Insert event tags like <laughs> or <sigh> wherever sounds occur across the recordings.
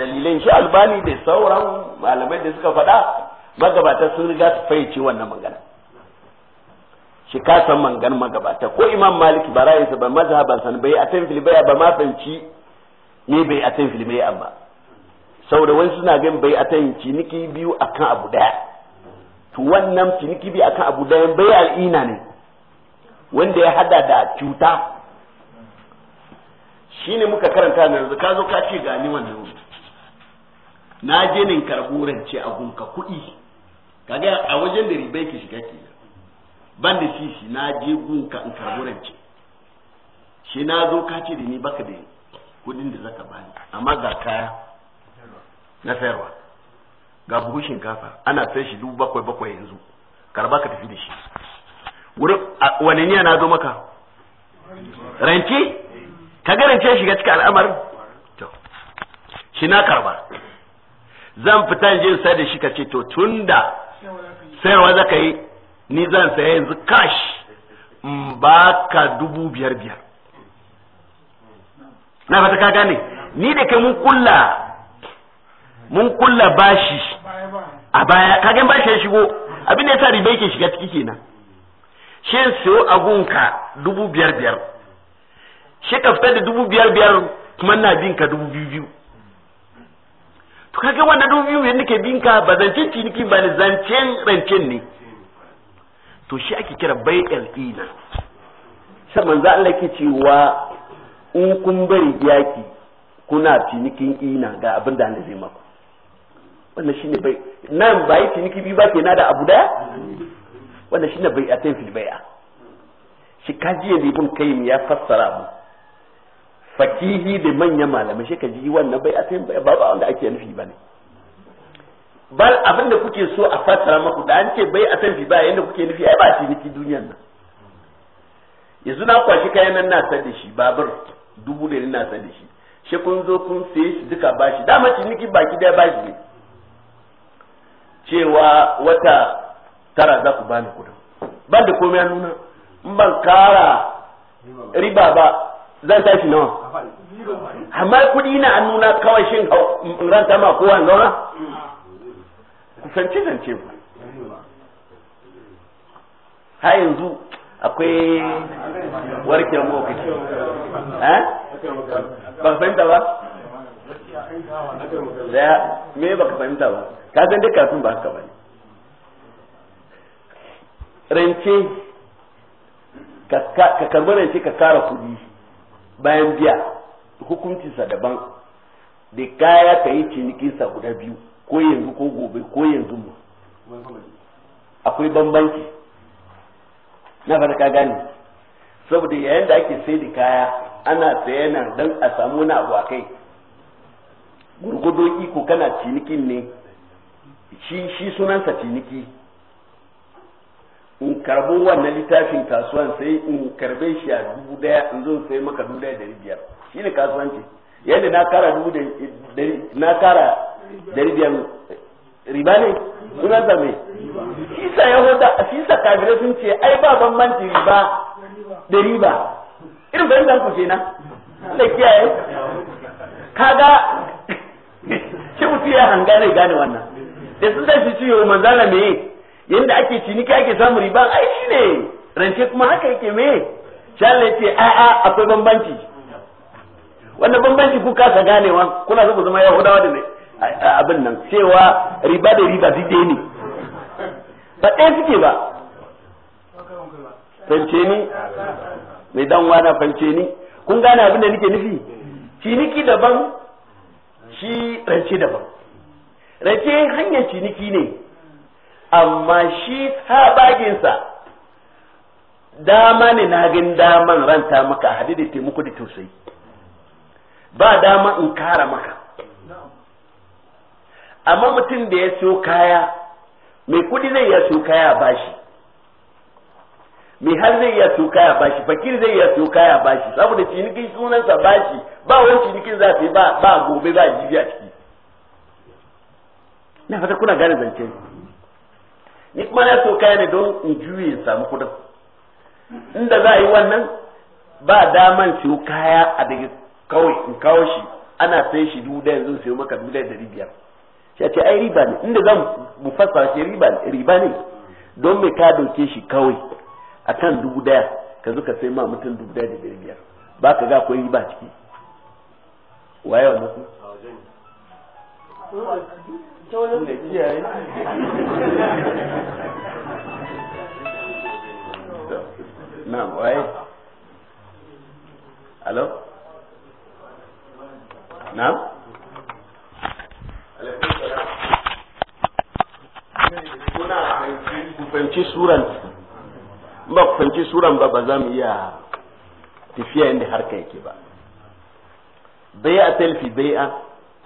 dalilin shi albani da sauran malamai da suka faɗa magabata sun riga su fayyace wannan magana shi ka san mangan magabata ko imam maliki ba ra'ayinsa ba mazhaban san bai a tan filibaya ba ma fanci ne bai a tan filibaya amma saboda wani suna gan bai a tan ciniki biyu akan abu daya to wannan ciniki biyu akan abu daya bai al'ina ne wanda ya hada da cuta shine muka karanta yanzu ka zo ka ce gani wannan na je ne karborance a gunka kuɗi kaga a wajen da ribai ke shiga ke ban da sisi na je gunka in karborance shi na zo ka ce da ni baka da kudin da zaka bani amma ga kaya na sayarwa ga buhu shinkafa ana sai shi dubu bakwai bakwai yanzu karba ka tafi da shi wurin wani niyya na zo maka rance ka ga rance shiga cikin al'amarin to shi na karba zan fita in je sai da shi ka ce to tunda sayarwa zaka yi ni zan saya yanzu cash in baka dubu biyar biyar na fata ka gane ni da kai mun kulla mun kulla bashi a baya ka kagen bashi ya shigo abin da yasa riba yake shiga ciki kenan shin siyo gunka dubu biyar biyar shi ka fita da dubu biyar biyar kuma na bin ka dubu biyu biyu kaga wannan dubu biyu nake binka ba zancen ciniki ba ne zancen rancen ne to shi ake kira bai ina sai manzo Allah ke cewa in kun bari yaki kuna cinikin ina ga abin da Allah zai maku wannan shine bai nan bai ciniki bi ba ke na da abu daya wannan shine bai atin fil bai'a shi kaji ya kai kayyim ya fassara mu fakihi da manyan malamai shi ka ji wannan bai asayin ba ba wanda ake nufi ba ne bal abin da kuke so a fassara maku da an ce bai san fi ba yanda kuke nufi ai ba ciniki duniyar nan yanzu na kwashi kayan nan na san da shi babur dubu da na san da shi shi kun zo kun saye shi duka ba shi dama niki baki daya ba shi ne cewa wata tara za ku bani kudin ban da komai nuna in ban kara riba ba zan tashi nawa amma kudi na an nuna kawai shin ta ma kowa an zauna kusanci zance ba. ha yanzu akwai warke warkiyar eh ba ka fahimta ba da me ba ka fahimta ba ka san duk kafin ba ka ba rance ka ka rance ka kara kudi bayan biya hukuncinsa daban da kaya ka yi cinikinsa guda biyu ko yanzu ko gobe ko yanzu mu akwai bambanci na fata ka gane saboda yayin da ake sai da kaya ana saye nan don a samu wani abu a kai gurgudo iko kana cinikin ne shi sunansa ciniki in karbo wannan littafin kasuwan sai in karbe shi a dubu daya in zo sai maka dubu daya dari biyar shi ne kasuwanci yadda na kara dubu da na kara dari biyar riba ne kuna zame sisa yahuda sisa kabirai sun ce ai ba bambanci riba da riba irin bayan ku na da kiyaye kaga <laughs> shi mutu ya hanga zai gane wannan da sun sai su ciwo manzala mai yanda ake ciniki ake samu riba ai ne rance kuma haka yake me shalle yace a a akwai bambanci wanda bambanci ku kasa ganewa kuna so ku zama yahudawa da ne abin nan cewa riba da riba duk ne ba ɗaya suke ba fance ni mai dan wana fance ni kun gane abin da nake nufi ciniki daban shi rance daban rance hanyar ciniki ne amma shi habaginsa dama ne na gin daman ranta maka hadi da taimako da tausayi ba dama in kara maka amma mutum da ya so kaya mai kudi zai iya so kaya bashi mai har zai iya so kaya bashi fakir zai iya so kaya bashi saboda cinikin sunansa bashi ba wani cinikin za ba gobe ba jibi a ciki na fata kuna gane zance ni kuma na so kaya ne don in juye in samu kudin inda za a yi wannan ba daman siyo kaya a daga kawai in kawo shi ana sai shi dubu ɗaya yanzu sayo maka dubu da dari biyar shi ce ai riba ne inda za mu fassara shi riba ne riba ne don me ka dauke shi kawai akan dubu daya ka zuka ka sai ma mutum dubu daya da dari biyar ba ka ga akwai riba ciki waye wannan da kiyaye na. waye alo na'am fahimci suran ba ku fahimci suran ba ba za mu iya tafiya inda harka yake ba Bai bai'a talfi bai'a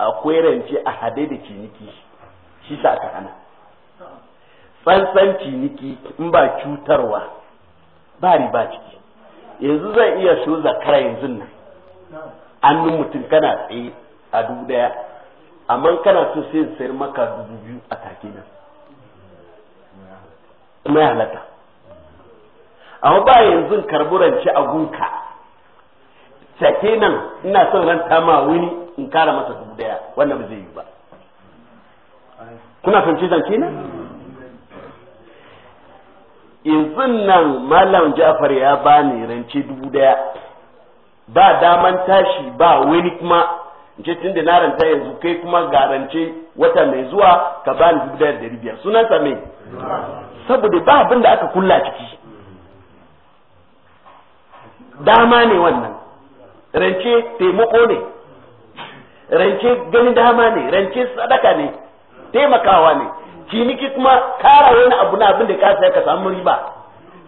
akwai rance a hade da ciniki shi sa aka ana tsantsan ciniki in ba cutarwa ba riba ciki yanzu zai iya so zakara yanzu nan annun mutum kana tsaye a dubu daya amma kana so sai sayar maka dubu biyu a take nan kuma ya halatta amma ba yanzu karburanci a gunka take nan ina son ranta ma wuni in kara masa dubu daya wannan ba zai yi ba kuna fahimci zance na yanzu nan malam ja'far ya bani rance dubu daya ba daman tashi ba wani kuma ce tun da na ranta yanzu kai kuma ga rance wata mai zuwa ka bani dubu daya da biyar sunan sa mai saboda ba abin da aka kulla ciki dama ne wannan rance taimako ne rance ganin dama ne rance sadaka ne taimakawa ne ciniki kuma kara wani abu na abin da ka sai ka samu riba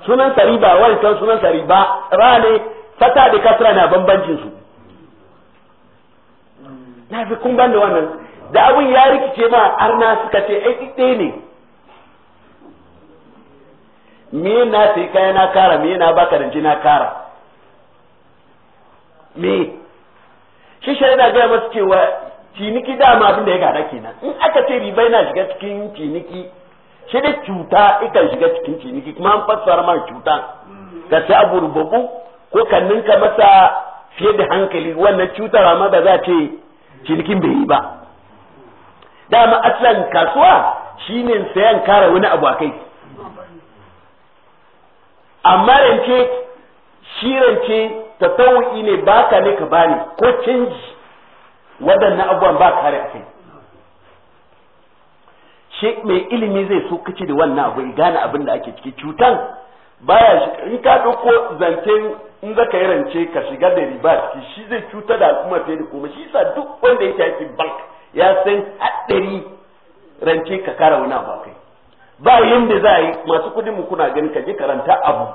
sunan sa riba wancan sunan sa riba rane fata da kasra na bambancin su na fi kun ban da wannan da abun ya rikice ma arna suka ce ai ɗaya ne me na sai kaya na kara me na baka rance na kara me shi shari'a ga masu cewa ciniki dama abin da ya gada kenan in aka ce riba yana shiga cikin ciniki shi da cuta ikan shiga cikin ciniki kuma an fassara ma cuta ka ci abu rubabu ko ka masa fiye da hankali wannan cutar amma da za ce cinikin bai yi ba dama aslan kasuwa shine sayan kara wani abu a kai amma rance shi rance tasawu'i ne baka ne ka bani ko canji waɗannan abubuwan ba kare a kai shi mai ilimi zai so kace da wannan abu ya gane abin da ake ciki cutan baya shi in ka dauko zance in za yi rance ka shiga da riba ciki shi zai cuta da al'umma fiye da kuma shi sa duk wanda yake aikin bank ya san haɗari rance ka kara wani abu kai ba yanda za a yi masu kuɗin mu kuna gani ka je karanta abu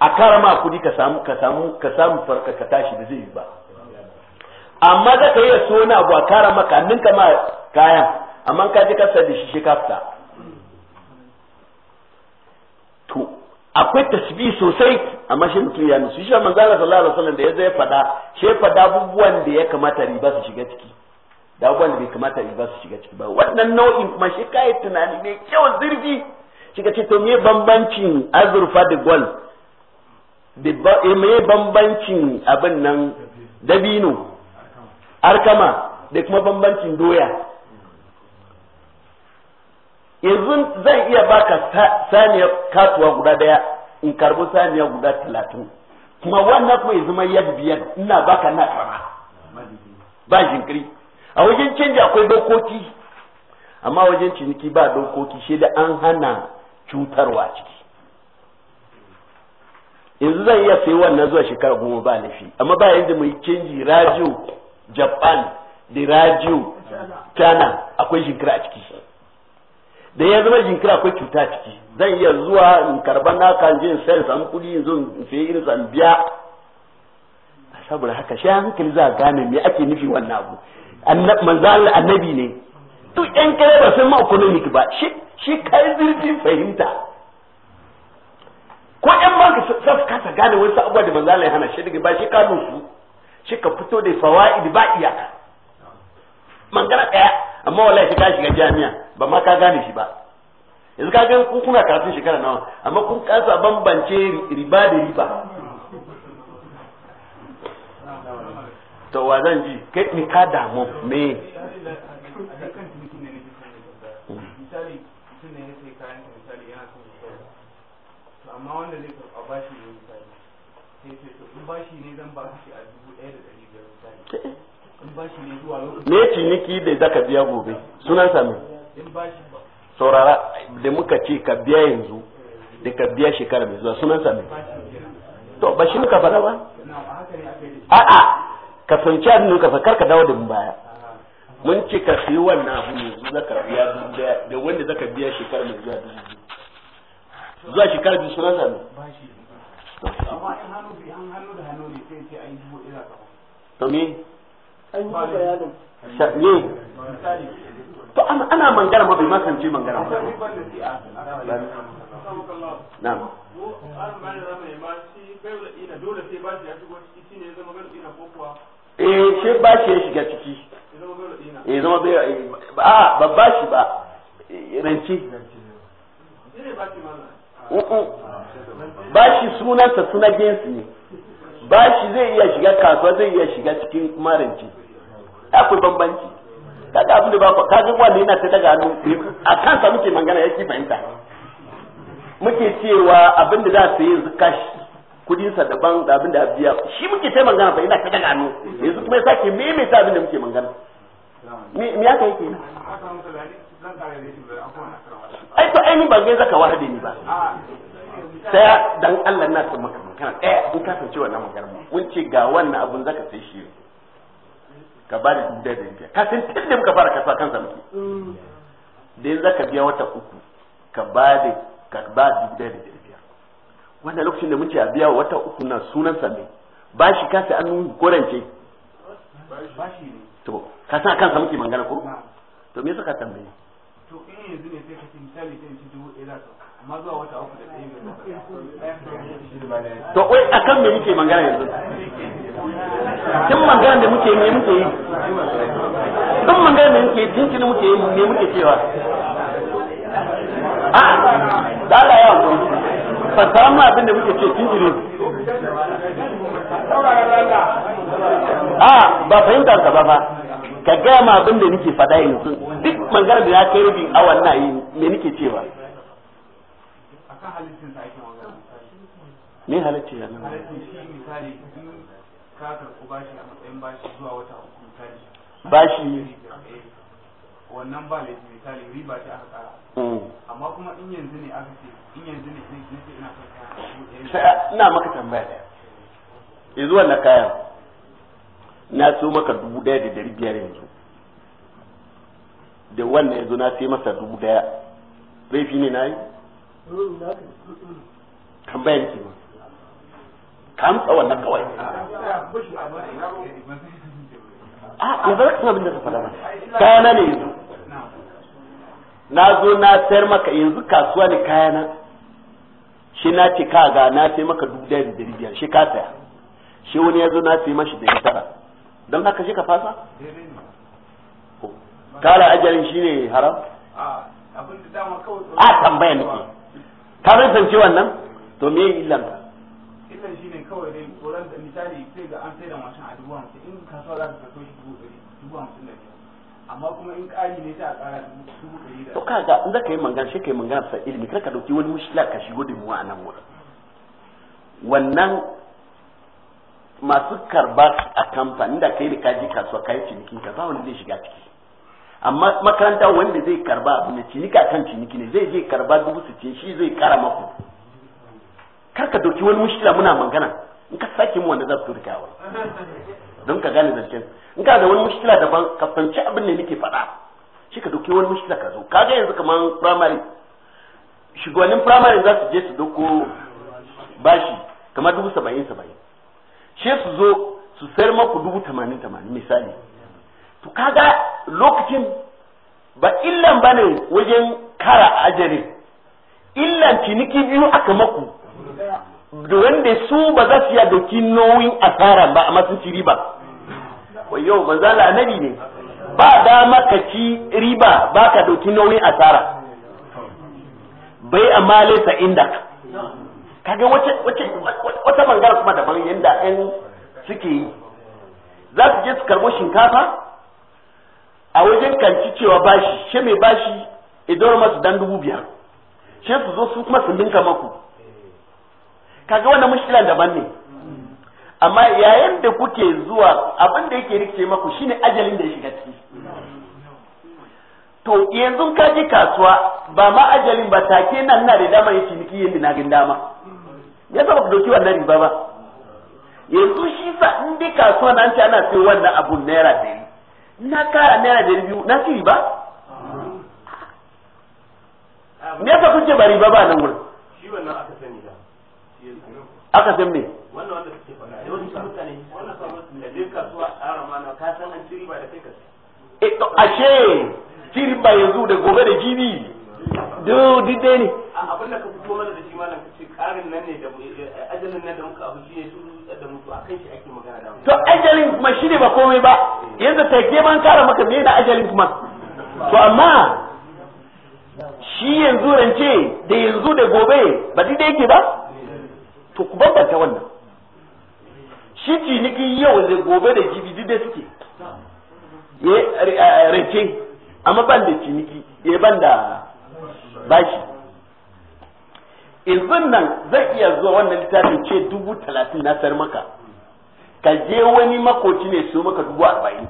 a kara ma kuɗi ka samu ka samu ka samu farka ka tashi da zai yi ba amma za ka iya so wani abu a kara maka ninka ma kayan amma ka ji kasar da shi shi kafta to akwai tasbi sosai amma shi mutum ya nusu shi manzo Allah sallallahu alaihi wasallam da ya zai fada shi ya fada abubuwan da ya kamata riba su shiga ciki da abubuwan da bai kamata riba su shiga ciki ba wannan nau'in kuma shi kai tunani mai kyau zirgi shi ka ce to me bambancin azurfa da gwal, da eh, me bambancin abin nan dabino arkama da kuma bambancin doya yanzu zan iya baka saniya kasuwa guda daya in karbo saniya guda talatin kuma wannan kuma ya zama yadda biyar ina baka na kama ba jinkiri a wajen canji akwai dokoki amma wajen ciniki ba dokoki shi da an hana cutarwa ciki yanzu zan iya sai wannan zuwa shekara goma ba laifi amma ba yadda mai canji rajiyo japan da radio tana akwai jinkira a ciki da ya zama jinkira akwai cuta ciki zan iya zuwa in karban naka in je in sayar samu kudi in zo in sayi irin san biya saboda haka shi hankali za a gane me ake nufi wannan abu manzo Allah annabi ne to yan kare ba san ma economic ba shi shi kai zirgin fahimta ko yan banka sa kasa gane wasu abubuwa da manzo ya hana shi daga ba shi kanun su shi ka fito da fawaid ba iyaka mangana daya amma wallahi ka shiga jami'a ba ma ka gane shi ba yanzu ka ga ku kuna karatun shekara nawa amma kun kasa bambance riba da riba to wa zan ji kai ni ka damu me amma wanda zai karɓa bashi ne misali sai ce to in bashi ne zan ba shi a me ciniki da zaka biya gobe sunan sami saurara da muka ce ka biya yanzu da ka biya shekara mai zuwa sunan sami to ba shi muka fara ba a'a ka fanci abin ka fakar ka dawo da baya mun ce ka sayi wannan abu yanzu zaka biya da wanda zaka biya shekara mai zuwa zuwa shekara biyu sunan sami amma in hannu bi an hannu da hannu ne sai ce an yi ira ka to shaɗe to ana mangara ma bai ma kance ba na'am eh shi ba shi ya shiga ciki eh zama bai a eh, ba ah, ba eh, shi ba ranci ba shi sunansa suna jinsi ne bashi zai iya shiga kasuwa zai iya shiga cikin marinci ya akwai bambanci kaga abin da ba ku kaga wanda yana ta daga hannu a kansa muke magana yake fahimta muke cewa abin da za su yi yanzu kashi kudin sa daban da abin da biya shi muke ta magana fa yana ta daga hannu yanzu kuma ya sake ta abin da muke magana me me yake yake ai to ainihin ba zai zaka wahade ni ba sai dan Allah na san maka magana eh in ka san cewa na magana mun ce ga wannan abun zaka sai shi ka ba da dubu da rufiya ka san tunda muka fara kasa kansa muke mm. da yanzu zaka biya wata uku ka ba da ka ba dubu da rufiya wannan lokacin da mun ce a biya wata uku na sunan sa ne ba shi ka sai an gorance to ka san kansa muke magana ko to me yasa ka tambaye to in yanzu ne sai ka ce ta sai dubu ɗaya za ka to wai akan me muke magana yanzu tun magana da muke me muke yi tun magana da muke tun kini muke yi me muke cewa a dala yawa ko fassara mu abin da muke ce tun kini a ba fahimta ka ba ba ka gaya ma abin da nake fada yanzu duk magana da ya kai rubin awan na yi me nake cewa halittin ake magana me halitti ya nan halittin shi misali in ka karɓi bashi a matsayin bashi zuwa wata uku misali bashi eh, wannan ba laifi misali riba ce aka kara mm. amma kuma in yanzu ne aka ce in yanzu ne ne ce ina son kaya ina maka tambaya daya yanzu eh, wannan kayan na so maka dubu daya da dari biyar yanzu da wannan yanzu na sai masa dubu daya laifi ne na yi tambayar ke ba ka amsa wannan kawai a ah, ya zara kan abin da ka faɗa kayana ne yanzu na zo na sayar maka yanzu kasuwa ne kayana shi na ce ka ga na sai maka dubu ɗaya da dari biyar shi ka saya shi wani ya zo na sai mashi dari tara don haka shi ka fasa kala ajalin shi ne haram a ah, ah, tambayar nake ka rantsance wannan to me yin illan ka illan shine kawai dai koran da misali sai ga an sai da mashin a dubu hamsin in kasuwa za ta kaso shi dubu ɗari dubu hamsin da amma kuma in ƙari ne ta ƙara dubu ɗari da to kaga in za ka yi magana shi ka yi magana sa ilimi kar ka ɗauki wani mushkila ka shigo da mu a nan wurin wannan masu karba a kamfani da kai da kaji kasuwa kayi ciniki ka ba wani zai shiga ciki amma makaranta wanda zai karba abu ne cinika kan ciniki ne zai je karba dubu cin shi zai kara maku kar ka doki wani mushkila muna magana in ka sake mu wanda za su rika wa don ka gane zancen in ka da wani mushkila daban ka fanci abin ne nake faɗa shi ka doki wani mushkila ka zo kaga yanzu kaman primary shugabannin primary za su je su doko bashi kamar dubu saba'in saba'in shi su zo su sayar maku dubu tamanin tamanin misali to kaga lokacin ba illan ba ne wajen kara ajali illan ciniki biyu aka maku da wanda su ba za su yadoki nauyin asara ba a masu ci riba wai yau zala annabi ne ba dama ka ci riba ba ka dauki nauyin asara bai amma laisa inda kaga wace wace wata bangare kuma daban yanda ɗan suke yi za su je su karbo shinkafa a wajen kanci cewa bashi shi mai bashi idan masu dan dubu biyar shi su zo su kuma su ninka maku kaga wannan mushkilan daban ne amma yayin da kuke zuwa abin da yake rike maku shine ajalin da ya shiga ciki to yanzu ka je kasuwa ba ma ajalin ba take nan na da dama yake miki yanda na gin dama ya ba ku dauki wannan riba ba yanzu shi sa in dai kasuwa nan ta ana sai wannan abun naira ɗari na kara naira dari biyu na ci ba me yasa kuke bari ba ba nan wurin shi wannan aka sani da aka san me wannan wanda suke faɗa yawancin mutane wannan sabon da dai kasuwa a ramana ka san an ci ba da kai ka eh ashe ci riba yanzu da gobe da jibi do duk dai ne abin da ka fito mana da shi malam kace karin nan ne da eh, eh, ajalin nan da muka abu shi ne da mutu shi ake magana da to ajalin kuma shi ne ba komai ba yanzu ta ke ban kara maka me da ajalin kuma to amma shi yanzu rance da yanzu da gobe ba dai yake ba to ku bambanta wannan shi ciniki yau da gobe da jibi dai suke ya eh, eh, rance amma ban da ciniki ya eh, ban da bashi izin nan zai iya zuwa wannan littafin ce dubu talatin na sar maka ka je wani makoci ne su maka dubu arba'in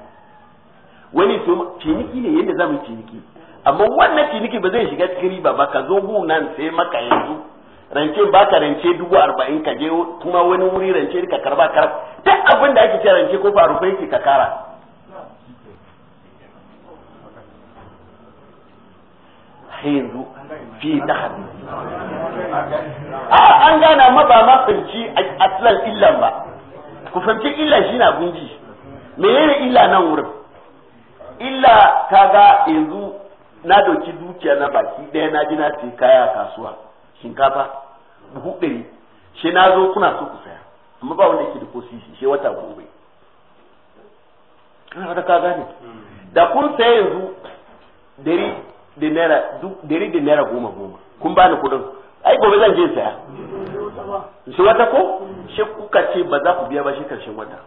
wani su ciniki ne yadda za mu yi ciniki amma wannan ciniki ba zai shiga cikin riba ba ka zo gu nan sai maka yanzu rance ba ka rance dubu arba'in ka je kuma wani wuri rance ka karba karba duk abin da ake ce rance ko farufa yake ka kara yanzu fi da a an gana ma ba ma fahimci atlan illan ba ku fahimci illan shi na gunji menene illa nan wurin illa kaga yanzu na doki dukiya na baki ɗaya na ji na sai kaya kasuwa shinkafa buhu ɗari shi na zo kuna so ku saya amma ba wanda yake da ko sisi shi wata gobe kana fata ka gane da kun saya yanzu dari da naira goma goma kun bani kuɗin ai gobe zan je saya shi wata ko shi kuka ce ba za ku biya ba shi karshen wata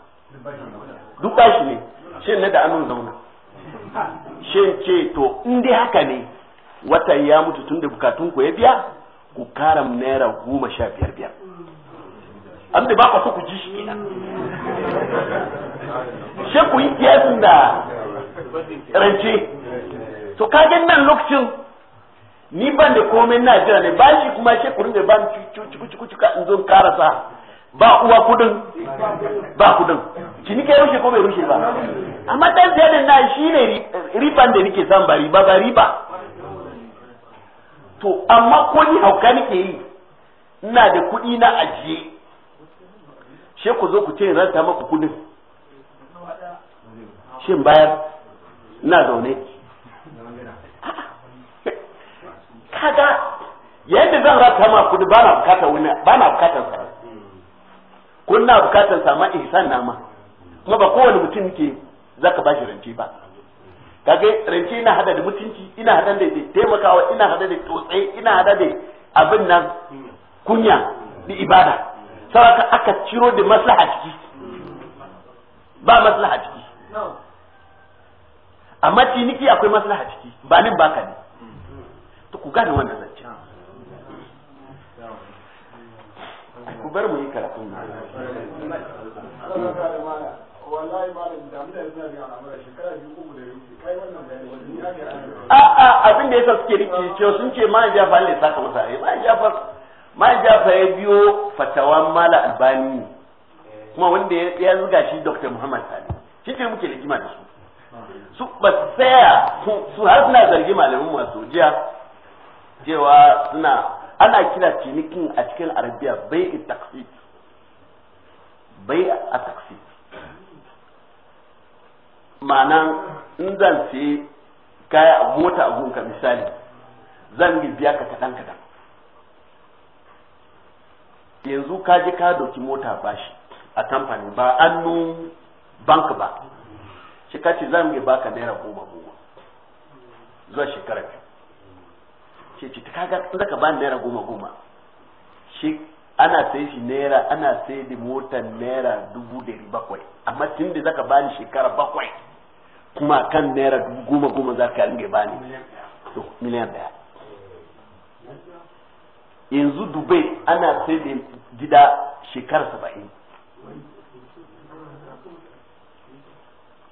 duk ba shi ne shi ne da anun zauna shi ce to in dai haka ne wata ya mutu tun da bukatun ku ya biya ku kara naira goma sha biyar biyar an da ba ku ku ji shi kenan shi ku yi kiyasin da rance to kagen nan lokacin ni ban da komai na jira ne ba shi kuma shi kurin da ban cuku cuku cuka in zo karasa ba uwa kudin ba kudin ciniki ya rushe ko bai rushe ba amma dan sayar da na shi ne riban da nake san ba riba ba riba to amma ko ni hauka nake yi ina da kuɗi na ajiye she ku zo ku ce ranta maku kudin shin bayar na zaune kaga yadda zan rata ma kudi ba na bukatar wani ba na bukatar sa kun na bukatar sa ma ihsan na ma kuma ba kowane mutum yake zaka ba shi rance ba kage rance ina hada da mutunci ina hada da taimakawa ina hada da tsotsai ina hada da abin nan kunya da ibada saboda aka ciro da maslaha ciki ba maslaha ciki amma ciniki akwai maslaha ciki ba nin baka ne ku gane wannan zance ku bar mu yi karatu na a'a abin da yasa suke rike cewa sun ce ma ya fa ne saka masa ai ma ya fa ma ya biyo fatawan mala albani kuma wanda ya zuga shi dr muhammad sani shi ke muke kima da su su ba tsaya su har suna zargi malamin masu jiya cewa suna ana kira cinikin a cikin arabiya bai a taksi bai a taksi ma'ana in zan ce kaya a mota abunka misali zan biya ka kaɗan kaɗan yanzu ka je ka doki mota bashi a kamfani ba annun bank ba shi ka ce zan baka naira goma goma zuwa shekara biyu shi ce kaga in zaka ba naira goma goma shi ana sai shi naira ana sai da mota naira dubu dari bakwai amma tun da zaka bani shekara bakwai kuma kan naira dubu goma goma za ka ringa bani to miliyan daya yanzu dubai ana sai da gida shekara saba'in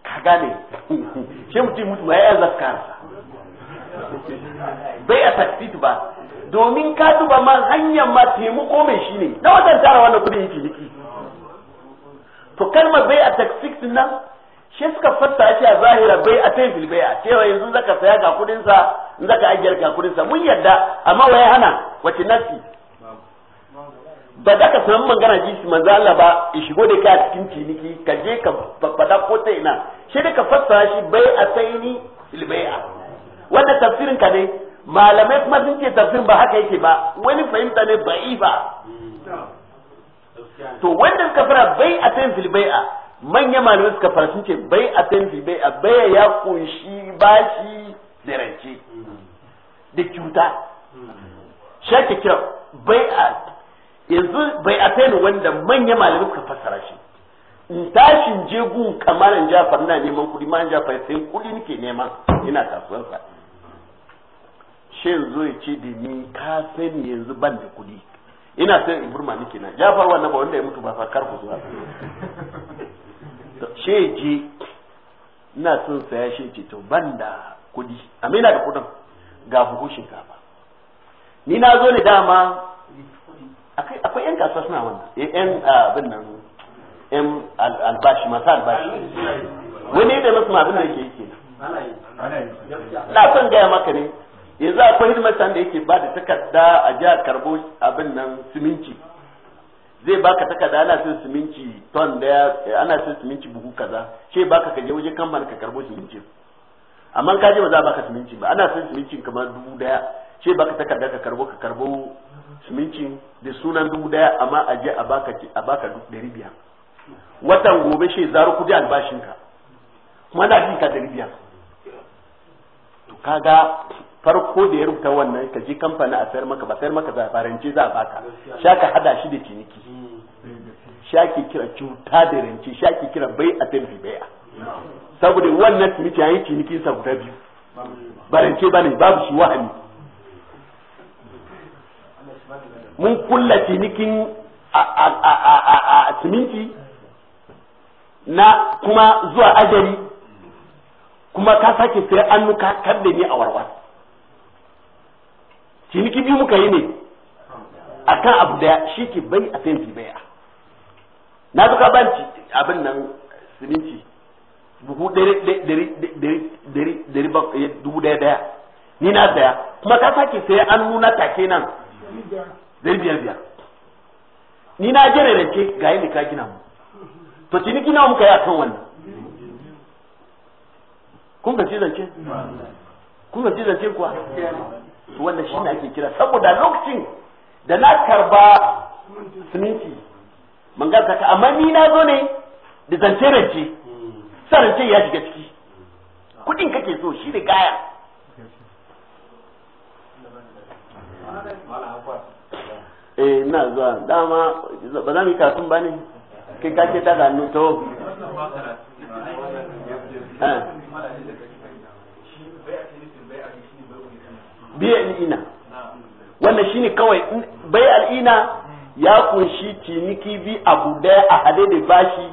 ka gane <laughs> shi mutum mutum ya yi zakarsa bai a tasbit ba domin ka duba ma hanyar ma taimako mai shi ne na wajen tara wannan kudin yake ciniki to kalmar bai a tasbit nan shi suka fassa shi a zahira bai a tayin bai a cewa yanzu zaka saya ga kudinsa in zaka ajiyar ga kudinsa mun yadda amma waye hana wace nasi ba za ka mangana magana ji manzo Allah ba ya shigo da kai a cikin ciniki ka je ka fada ko ta ina shi da ka fassara shi bai a tayini fil wanda tafsirin ka ne malamai kuma sun ce tafsirin ba haka yake ba wani fahimta ne ba ba to wannan kafara bai a tayin fil bai'a manya malamai suka fara sun ce bai a tayin fil bai'a baya ya kunshi bashi da rance da kyuta shake kira a yanzu bai a tayin wanda manya malamai suka fassara shi in tashin jegun kamar jafar na neman kuɗi ma jafar sai kuɗi nake nema ina sa shin zo ya ce da ni ka sani yanzu ban da kuɗi ina sai in burma nake na jafar wannan ba wanda ya mutu ba fa kar ku zuwa she ji ina son saya shi ce to ban da kuɗi amma ina da kuɗin ga buhu shinkafa ni na zo ne dama akwai yan kasuwa suna wannan yan eh, ah, abin nan yan albashi masu albashi wani da masu abin da yake yake na son gaya maka ne yanzu akwai hidimar da yake ba da takarda a jihar karbo abin nan siminci zai baka takarda ana son siminci ton daya eh, ana son siminci buhu kaza ce baka ka je waje kamar ka karbo siminci amma ka je ba za a baka siminci ba ana son siminci kamar dubu daya ce baka takarda ka karbo ka karbo siminci da sunan dubu daya amma a je a baka a baka dari biyar watan gobe shi zaro kudi albashinka kuma na jin ka dari biyar to kaga farko da ya rubuta wannan ka ji kamfani a sayar maka ba sayar maka za a rance za a baka ka hada shi da ciniki hmm. sha ke kira cuta da rance sha ke kira bai a tafi baya saboda wannan ciniki yayin ciniki sa guda biyu rance ba ne babu shi wahani mun kulla cinikin a siminti na kuma zuwa ajali kuma ka sake sai annuka nuka da ne a warwar ciniki biyu muka yi ne a kan abu daya shi ke bai a fenti baya na zuka banci abin nan siminci buhu eh, dubu daya daya ni na daya kuma ka sake sai an nuna take nan dari biyar biyar ni na jere da ke ga yadda ka gina mu to ciniki nawa muka yi a kan wannan kun ga ci zance kun ga ci zance kuwa wannan shi ake kira saboda lokacin da na karba siminti man gasa ka amma ni na zo ne da zance rance sarance ya shiga ciki kudin kake so shi da gaya eh na zuwa dama ba za mu yi kafin ba ne kai kake ta ga hannu biya al'ina wannan shine kawai bai al'ina ya kunshi ciniki bi abu daya a hade da bashi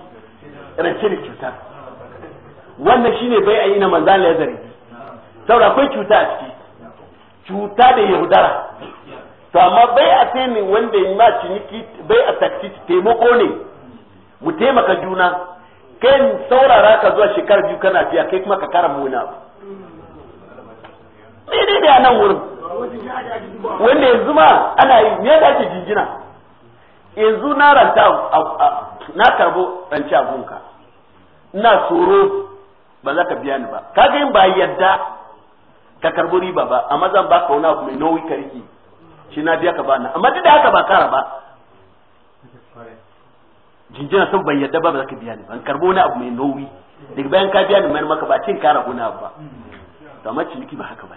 rance da cuta wannan shine bai al'ina manzan ya saboda akwai cuta a ciki cuta da yaudara to amma bai a sai wanda ma ciniki bai a taksi taimako ne mu taimaka juna kai saurara ka zuwa shekara biyu kana biya kai kuma ka kara muna abu daidai da nan wurin wanda yanzu ma ana yi me da ake jingina, yanzu na ranta na karbo rance a gunka ina tsoro ba za ka biya ni ba kaga yin ba yadda ka karbo riba ba amma zan ba ka wani abu mai nauyi ka rike shi na biya ka ba na amma duk da haka ba kara ba jinjina sun ban yadda ba ba za ka biya ni ban karbo wani abu mai nauyi daga bayan ka biya ni mai maka ba cin kara wani abu ba to amma ciniki ba haka ba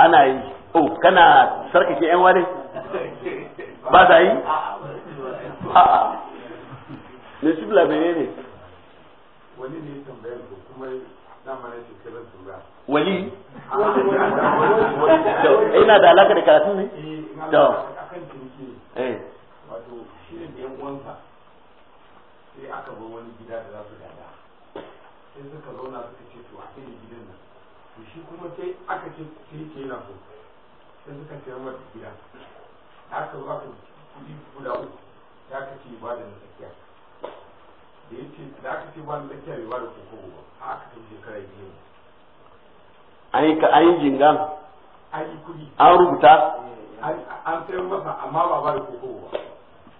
ana yi oh kana sarkake yan wale ba da yi a'a ne shi bla menene wani ne tambayar ko kuma dama ne shi kiran tura wali to ina da alaka da karatun ne eh, to akan ciniki eh wato shi ne yan uwansa sai aka bar wani gida da za su gada sai suka zauna suka ce to a cikin shi kuma sai aka ce sai yi ke yana so sai suka ce sayar da gida aka ba ka kudi guda uku ya ka ce ba da tsakiya da ya ce da aka ce ba da tsakiya bai ba da koko ba a aka ce shekara biyu an yi ka an yi jingan an yi kuɗi an rubuta eh, an sayar masa amma ba ba da koko ba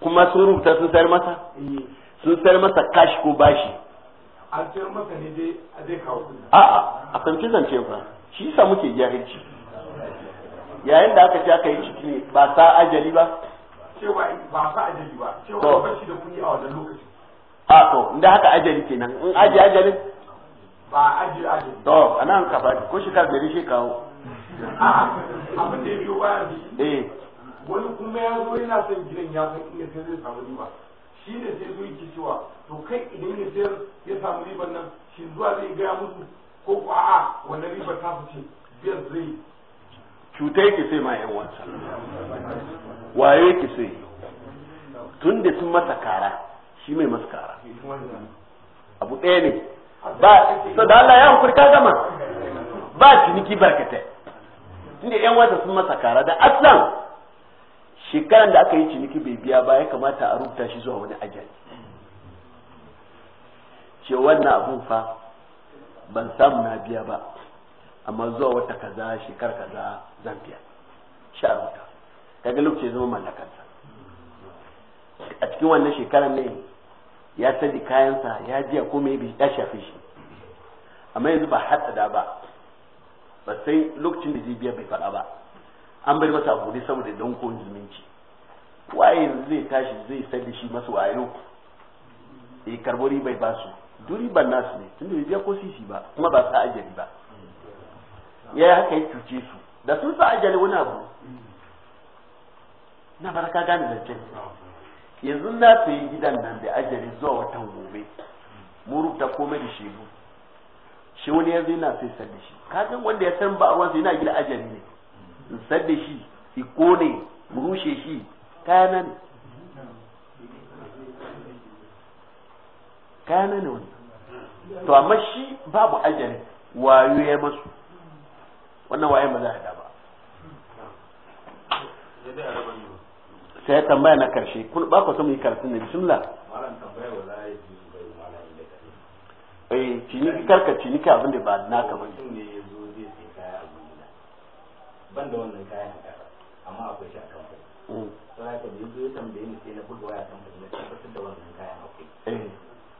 kuma sun rubuta sun sayar masa eh. sun sayar masa kashi ko bashi a'a a fahimci zance fa shi sa muke jahilci yayin da aka ce aka yi ciki ne ba sa ajali ba cewa ba sa ajali ba cewa ba shi da kuɗi a wannan lokacin a to inda haka ajali kenan in aji ajalin ba aji ajali. to anan ka faɗi ko shekar gari shi kawo a abin da ya biyo baya ne eh. wani kuma ya zo yana son gidan ya san iya sai zai samu riba shi ne sai zo yi cewa to kai idan ya sayar ya samu ribar nan shi zuwa zai gaya musu ko ko a'a wannan ribar ta fice biyar zai cutai ki sai ma yan wancan waye ki sai tun da sun masa kara shi mai masa kara abu ɗaya ne ba so da Allah ya hukuri ka gama ba ciniki barkatai da yan wasa sun masa kara da aslan shekaran da aka yi ciniki bai biya ba ya kamata a rubuta shi zuwa wani ajal ce wannan abun fa ban samu na biya ba amma zuwa wata kaza shekar kaza zan biya sha rubuta kaga lokaci zama mallakarsa a cikin wannan shekaran ne ya sadi kayansa ya biya ko mai ya shafi shi amma yanzu ba hatsada ba ba sai lokacin da zai biya bai faɗa ba an bari masa abu ne saboda dankon zumunci waye zai tashi zai sai da shi masu wayo eh karbori bai ba su duri ban nasu ne tun bai biya ko sisi ba kuma ba sa ajali ba ya haka ya cuce su da sun sa ajali wani abu na baraka gane da ke yanzu na yi gidan nan da ajali zuwa watan gobe mu rubuta komai da shebu. shi wani yanzu yana sai sai da shi wanda ya san ba a sai yana gida ajali ne in sadda shi in kone rushe shi kayana ne kayana ne wani to amma shi babu ajali wayo ya masu wannan waye ba za a da ba sai ya tambaya na karshe kun ba ku samu yi karatun ne bismillah eh ciniki karka ciniki abin da ba naka ba ne ban da wannan kayan haka amma akwai shi a kamfani mm. sai haka da yanzu ya tambaye ni sai na buga waya kamfani na tabbatar da wannan kayan akwai eh.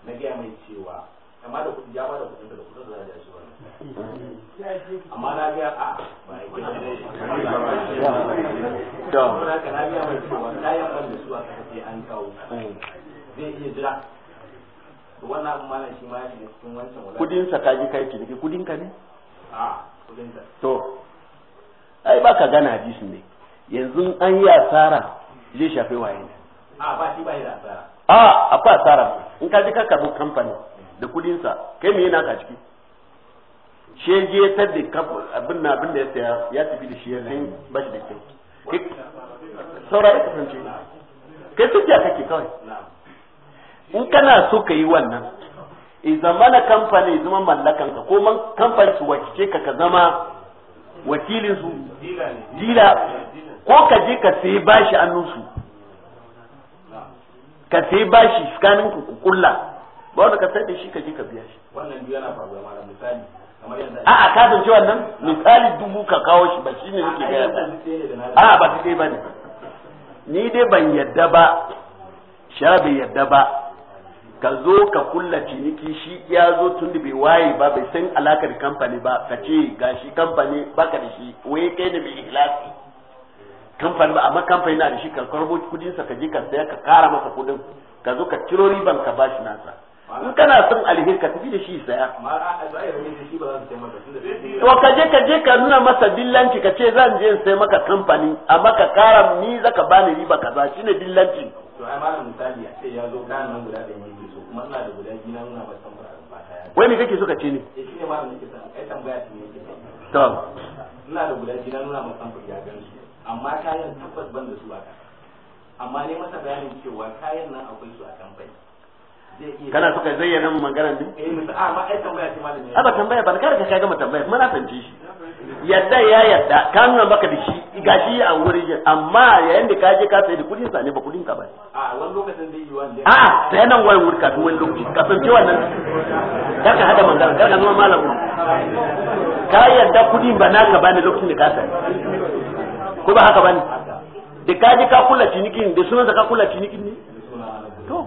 na gaya mai cewa amma da kuɗi ya bada kuɗin da kuɗin da za a shi wannan amma na gaya a ba ya gina da saboda haka na gaya mai cewa kayan ban da su a kasa an kawo mm. zai iya jira wannan abin malam shi ma ya shiga cikin wancan wala kudin sa kaji kai ciniki kudin ka ne A'a kudin sa to ai ba ka gana hadisin ne yanzu an yi asara zai shafe waye ne a ba shi ba yi asara a ba asara in ka ji ka karbi kamfani da kudin sa kai me yana ka ciki she je ta da abin na abin da ya saya ya tafi da shi ya san ba shi da kyau ka ya kasance kai tafiya kake kawai in kana so ka yi wannan i na kamfani zama ka ko man kamfani su wakice ka ka zama wakilin su dila ko ka je ka sai bashi annunsu ka sai bashi tsakanin ku kulla ba wanda ka sai da shi ka je ka biya shi wannan biyu yana faruwa malam misali a'a ka dauki wannan misali dubu ka kawo shi ba shine nake gaya a'a ba sai ba ne ni dai ban yadda ba sha bai yadda ba ka zo ka kulla ciniki shi ya zo tun da bai waye ba bai san alakar kamfani ba ka ce ga shi kamfani baka da shi waye kai da mai ikhlasi kamfani ba amma kamfani na da shi ka karbo kudin sa ka je ka saya ka kara masa kudin ka zo ka ciro riban ka bashi nasa in kana son alheri ka tafi da shi saya to ka je ka je ka nuna masa dillanci ka ce zan je in sai maka kamfani amma ka kara ni zaka bani riba kaza shine dillanci to ai malamin misali a ce ya zo kana nan guda da kuma ne da guda nuna ba wai me kake so ka ce ne eh shine ai tambaya ce ne to ina da ya amma kayan tabbas ban da su a amma ne masa bayanin cewa kayan nan akwai su a kamfani kana so ka zayyana din eh a ma ai tambaya ce malami tambaya ba ka riga ka gama tambaya kuma na shi yadda ya yadda ka nuna maka da shi gashi a wurin amma yayin da ka je ka sai da kudin sa ne ba kudin ka ba a wani lokacin da yi wanda a ta nan wani wurka duk wani lokaci ka san cewa nan da ka hada manzara kar ka zama malamu ka yarda kudin ba naka ba ne lokacin da ka sai ko ba haka ba ne da ka je ka kula cinikin da sunan ka kula cinikin ne to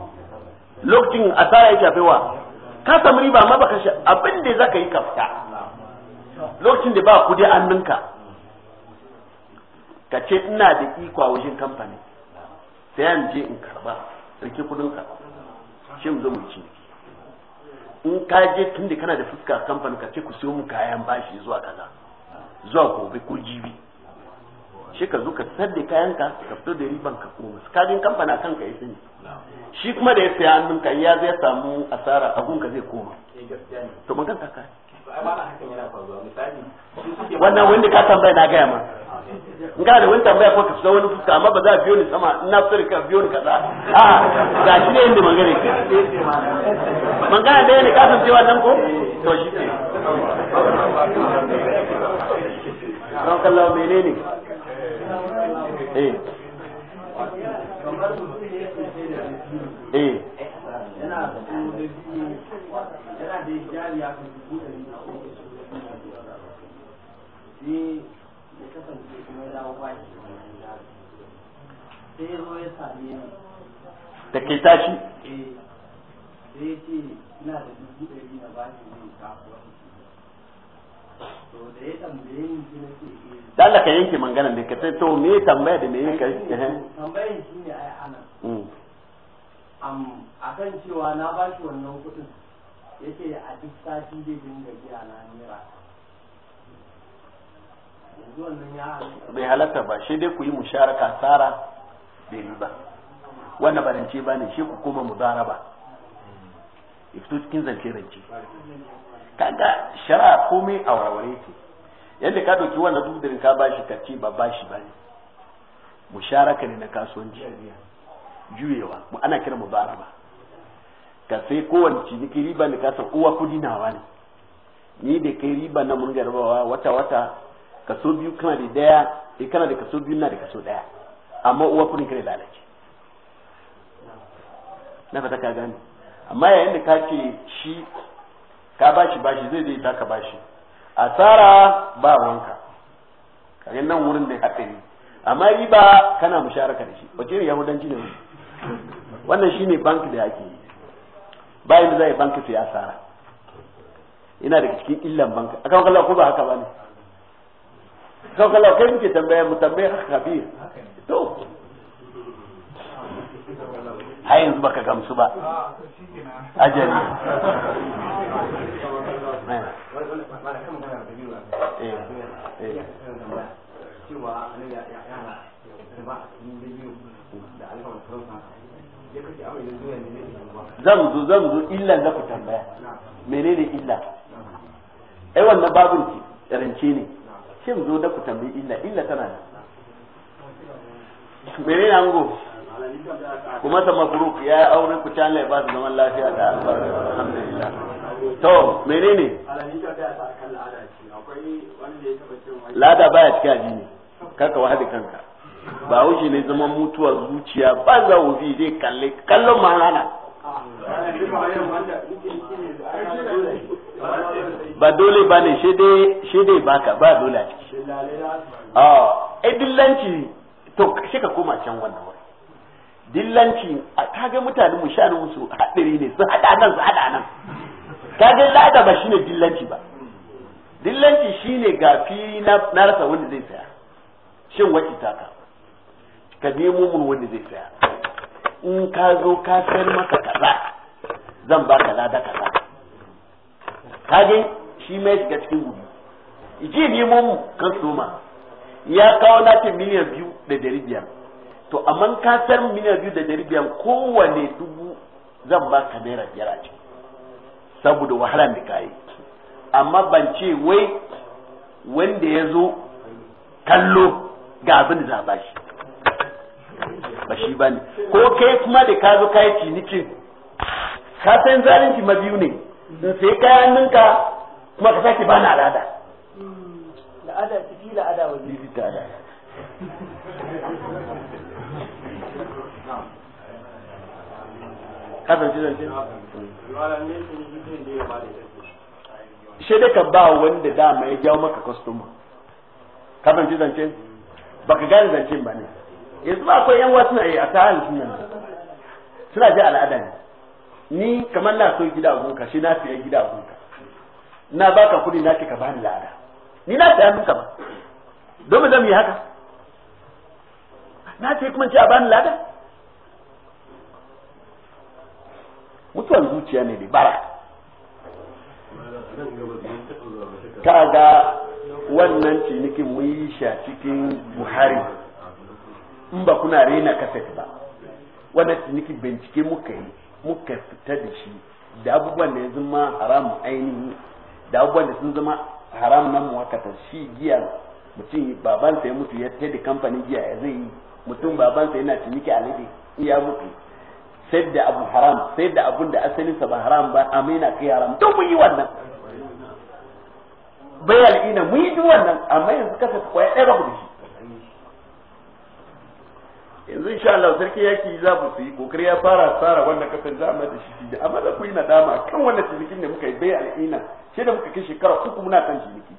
lokacin asara ya shafe wa ka samu riba amma baka shi abin da zaka yi ka fita lokacin da ba kudi an ninka ka ce ina da iko a wajen kamfani sai an je in karba rike kudin ka shi mu zo mu ci in ka je tun da kana da fuska kamfani ka ce ku siyo mu kayan bashi zuwa kaza zuwa gobe ko jibi shi ka zo ka fitar da kayan ka ka fito da riban ka koma jin kamfani a kanka ya sani shi kuma da ya saya hannun ka ya zai samu asara abun ka zai koma to magan ka kai wannan wanda ka tambaya na gaya ma in kana da wani tambaya ko ka fita wani fuska amma ba za a sama in na fitar ka biyo ni kaza a ga ne magana ke magana da yana kasan cewa nan ko to shi sai ya kasance kuma ya dawo ba shi sai ya zo ya ni da ke tashi eh, sai ya ce ina da dubu ɗari na ba ne ni eh. da ka yanke magana ne ka to me tambaya da me yin shi ne ai anan mm. am akan cewa na bashi wannan kuɗin yace a duk sati zai dinga biya na naira bai halatta ba shi dai ku yi musharaka tsara da riba wanda ba rance ba ne shi ku koma ba ifto cikin zance rance kaga shara komai a warware yake yadda ka wanda duk da ka bashi ka ce ba bashi ba ne musharaka ne na kasuwanci juyewa ana kira ba ka sai kowane ciniki riba ne ka san uwa kudi nawa ne ni da kai riba na mun garbawa wata wata kaso biyu kana da daya e kana da kaso biyu na da kaso daya amma uwa kudin kare lalace na fata ka gani. amma yayin da ka ce shi ka bashi bashi zai zai ka bashi asara ba wanka kayan nan wurin da ne amma riba kana musharaka da shi wace ne yahudanci ne wannan shi ne banki da ake yi bayan da zai banki sai asara ina daga cikin illan banka akan kalla ko ba haka ba ne kan kalau kai muke tambaya mu tambaya haka kabir to har yanzu baka gamsu ba ajali zan zanzu zan zo illa na ku tambaya menene illa ai wannan babin rance ne kin zo da ku tambayi illa illa tana da mene ne ango kuma ta mabruk ya yi aure ku can lai ba su zaman lafiya da albarka alhamdulillah to ne lada baya cikin addini kaka wahadi kanka ba wuce ne zaman mutuwar zuciya ba za zai kalle kallon mahana ba dole ba ne shi dai baka ba dole a ciki a ah, dillanci to shi ka koma can wannan wani dillanci a kaga mutane mu shanin musu haɗari ne su haɗa nan su haɗa nan kaga lada ba shine dillanci ba dillanci shine ga fili na rasa wanda zai saya shin wacce taka ka nemo mun wanda zai saya in ka zo ka sayar maka kaza zan ba kaza da kaza kaje shi mai shiga cikin gudu ji ni mu kan soma ya kawo na ce miliyan biyu da dari biyar to amma ka sayar miliyan biyu da dari biyar kowane dubu zan ba ka naira biyar a cikin saboda wahala da kayi amma ban ce wai wanda ya zo kallo ga abin da za ba shi ba shi ne ko kai kuma da ka zo kai ciniki ka san zalunci mabiyu ne in sai kayan ninka kuma ka sake bani al'ada al'ada ciki al'ada waje ciki al'ada kasan ci zance shi da ka ba wanda dama ya jawo maka kwastoma kasan ci zance baka gane zance ba ne yanzu ba akwai yan wasu na yi a kayan sunan suna ji al'ada ne ni kamar na so gida gunka shi na siya gida gunka na baka kudi na ka bani lada ni na siya nuka ba domin zan yi haka na ce kuma ce a bani lada mutuwan zuciya ne da bara ga wannan cinikin mun yi shi a cikin buhari in ba kuna rena kaset ba wannan niki bincike muka yi muka fita da shi da abubuwan da ya zama haram ainihi da abubuwan da sun zama haram na muwakata shi giya mutum babansa ya mutu ya da kamfanin giya ya zai yi mutum babansa yana ciniki alade ya mutu sai da abu haram sai da abun da asalinsa ba haram ba amina kai haram don mu yi wannan bayan ina mu yi duk wannan amma yanzu kasa kwaya ɗaya ba da shi yanzu insha Allah sarki ki za mu yi kokari ya fara tsara wannan kafin za mu da shi amma da ku yi nadama kan wannan cinikin ne muka yi bai al'ina sai da muka kai shekara uku muna kan ciniki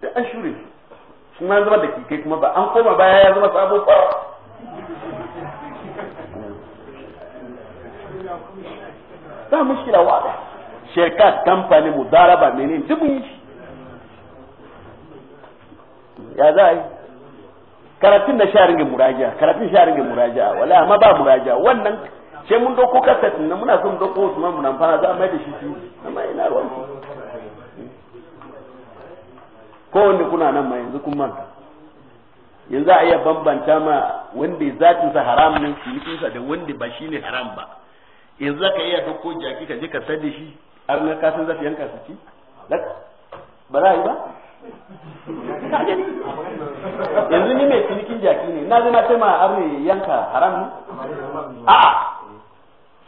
da an shure shi ma zama da kike kuma ba an koma baya ya zama sabon ba ba mushkila da shirka kamfani mudaraba menene duk mun yi ya za a yi karatun da sha ringa muraja karatun sha ringa muraja wala amma ba muraja wannan sai mun doko kasat na muna son doko Usman mun amfana za a mai da shi shi amma ina ruwan ko wanda kuna nan ma yanzu kun manta yanzu a iya bambanta ma wanda zatin sa haram ne cinikin sa da wanda ba shine haram ba yanzu zaka iya doko jaki ka je ka sani shi har na kasan zafi yanka su ci ba za a yi ba yanzu ni mai cinikin jaki ne na zina ce ma arne yanka haram ne a'a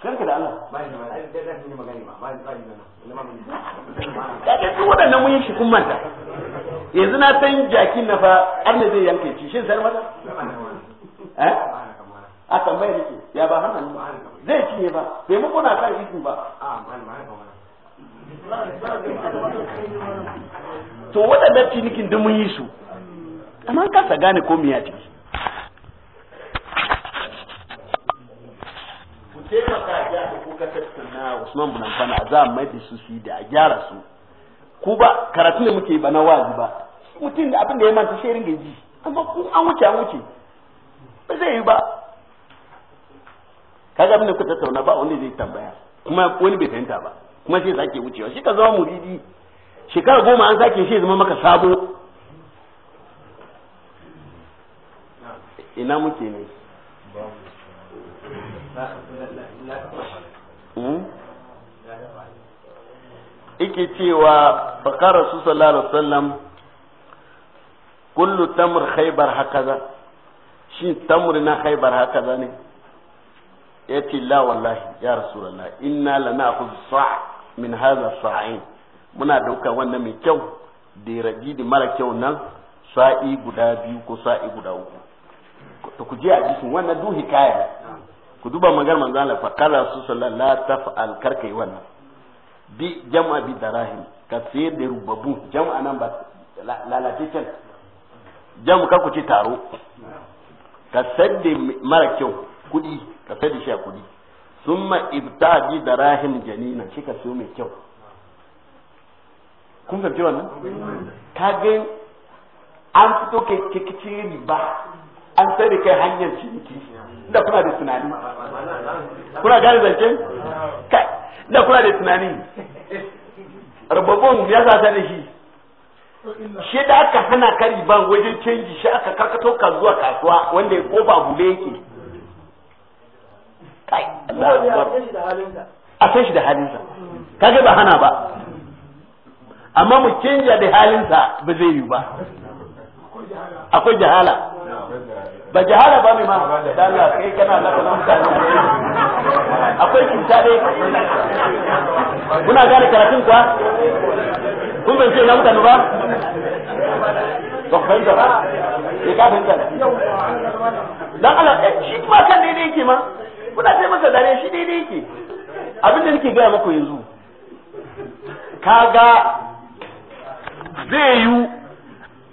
karka da Allah kake su waɗannan mun yi shi kun manta yanzu na san jakin na fa arne zai yanka ci shin sar mata eh? a tambaya nake ya ba hanan zai cinye ba bai mu kuna kan ikin ba a'a to waɗannan cinikin da mun yi su amma kasa gane ko miya ce. ciki ku taimaka a gyara ko ka tattauna Usman bin Amfana za a mai da su su yi da a gyara su ku ba karatu ne muke ba na wazi ba mutum da abin da ya manta sai ringa ji amma ku an wuce an wuce ba zai yi ba kaga abin da ku tattauna ba wanda zai tambaya kuma wani bai fahimta ba kuma sai sake wucewa shi ka zama muridi shekara goma an sake shi zama maka sabo ina muke ne ike hmm? cewa bakara su sallallahu alaihi wasallam kullu tamr khaybar hakaza shi tamr na khaybar hakaza ne yace la wallahi ya rasulullah inna lana khudsa min hadha sa'in muna dauka wannan mai kyau da raji da mara kyau nan sa'i guda biyu ko sa'i guda uku to ku je a jikin wannan duhi kaya ku duba magar manzo Allah fa kala su sallallahu taf'al karkai wannan bi jama'a bi darahim ka sayar da rubabu jama'a nan ba lalace can ka ku ci taro ka sadde mara kyau kudi ka sadde shi a kudi summa ibta bi darahin janina shi ka so mai kyau kun fahimci wannan ka ga an fito ke kikici riba an tare kai hanyar ciniki da kuna da tunani kuna gane zancen kai da kuna da tunani rababon ya zata da shi shi da aka hana kari ban wajen canji shi aka karkato ka zuwa kasuwa wanda ya kofa bude yake kai a san shi da halinsa kage ba hana ba amma mu canja da halinsa ba zai yi ba akwai jahala ba jahala ba mai ma da Allah kai kana na kana mutane akwai cuta dai kuna gane karatun kwa? kun ban ce na mutane ba ba ku fahimta ba ya ka fahimta dan Allah eh, shi ma kan ne ke ma kuna sai masa dare shi daidai yake abin da nake gaya maku yanzu kaga zai yi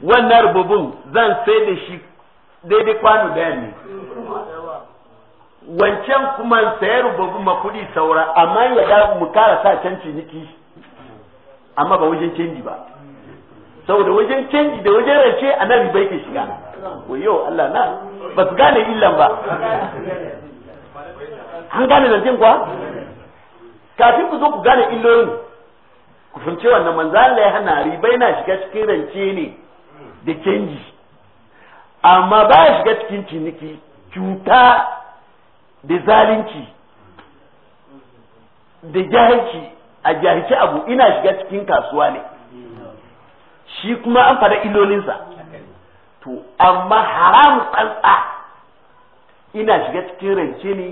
wannan rububin zan sai da shi daidai kwano daya ne wancan kuma sayar rububin makudi saura amma ya ga mu kara sa can ciniki amma ba wajen canji ba saboda wajen canji da wajen rance a nan riba shiga wayo Allah na ba su gane illan ba an gane zancen kuwa kafin ku zo ku gane illolin ku fahimci wannan manzo Allah ya hana riba yana shiga cikin rance ne da canji amma ba ya shiga cikin ciniki cuta da zalunci da jahilci a jahilci abu ina shiga cikin kasuwa ne shi kuma an faɗa illolinsa to amma haram tsantsa ina shiga cikin rance ne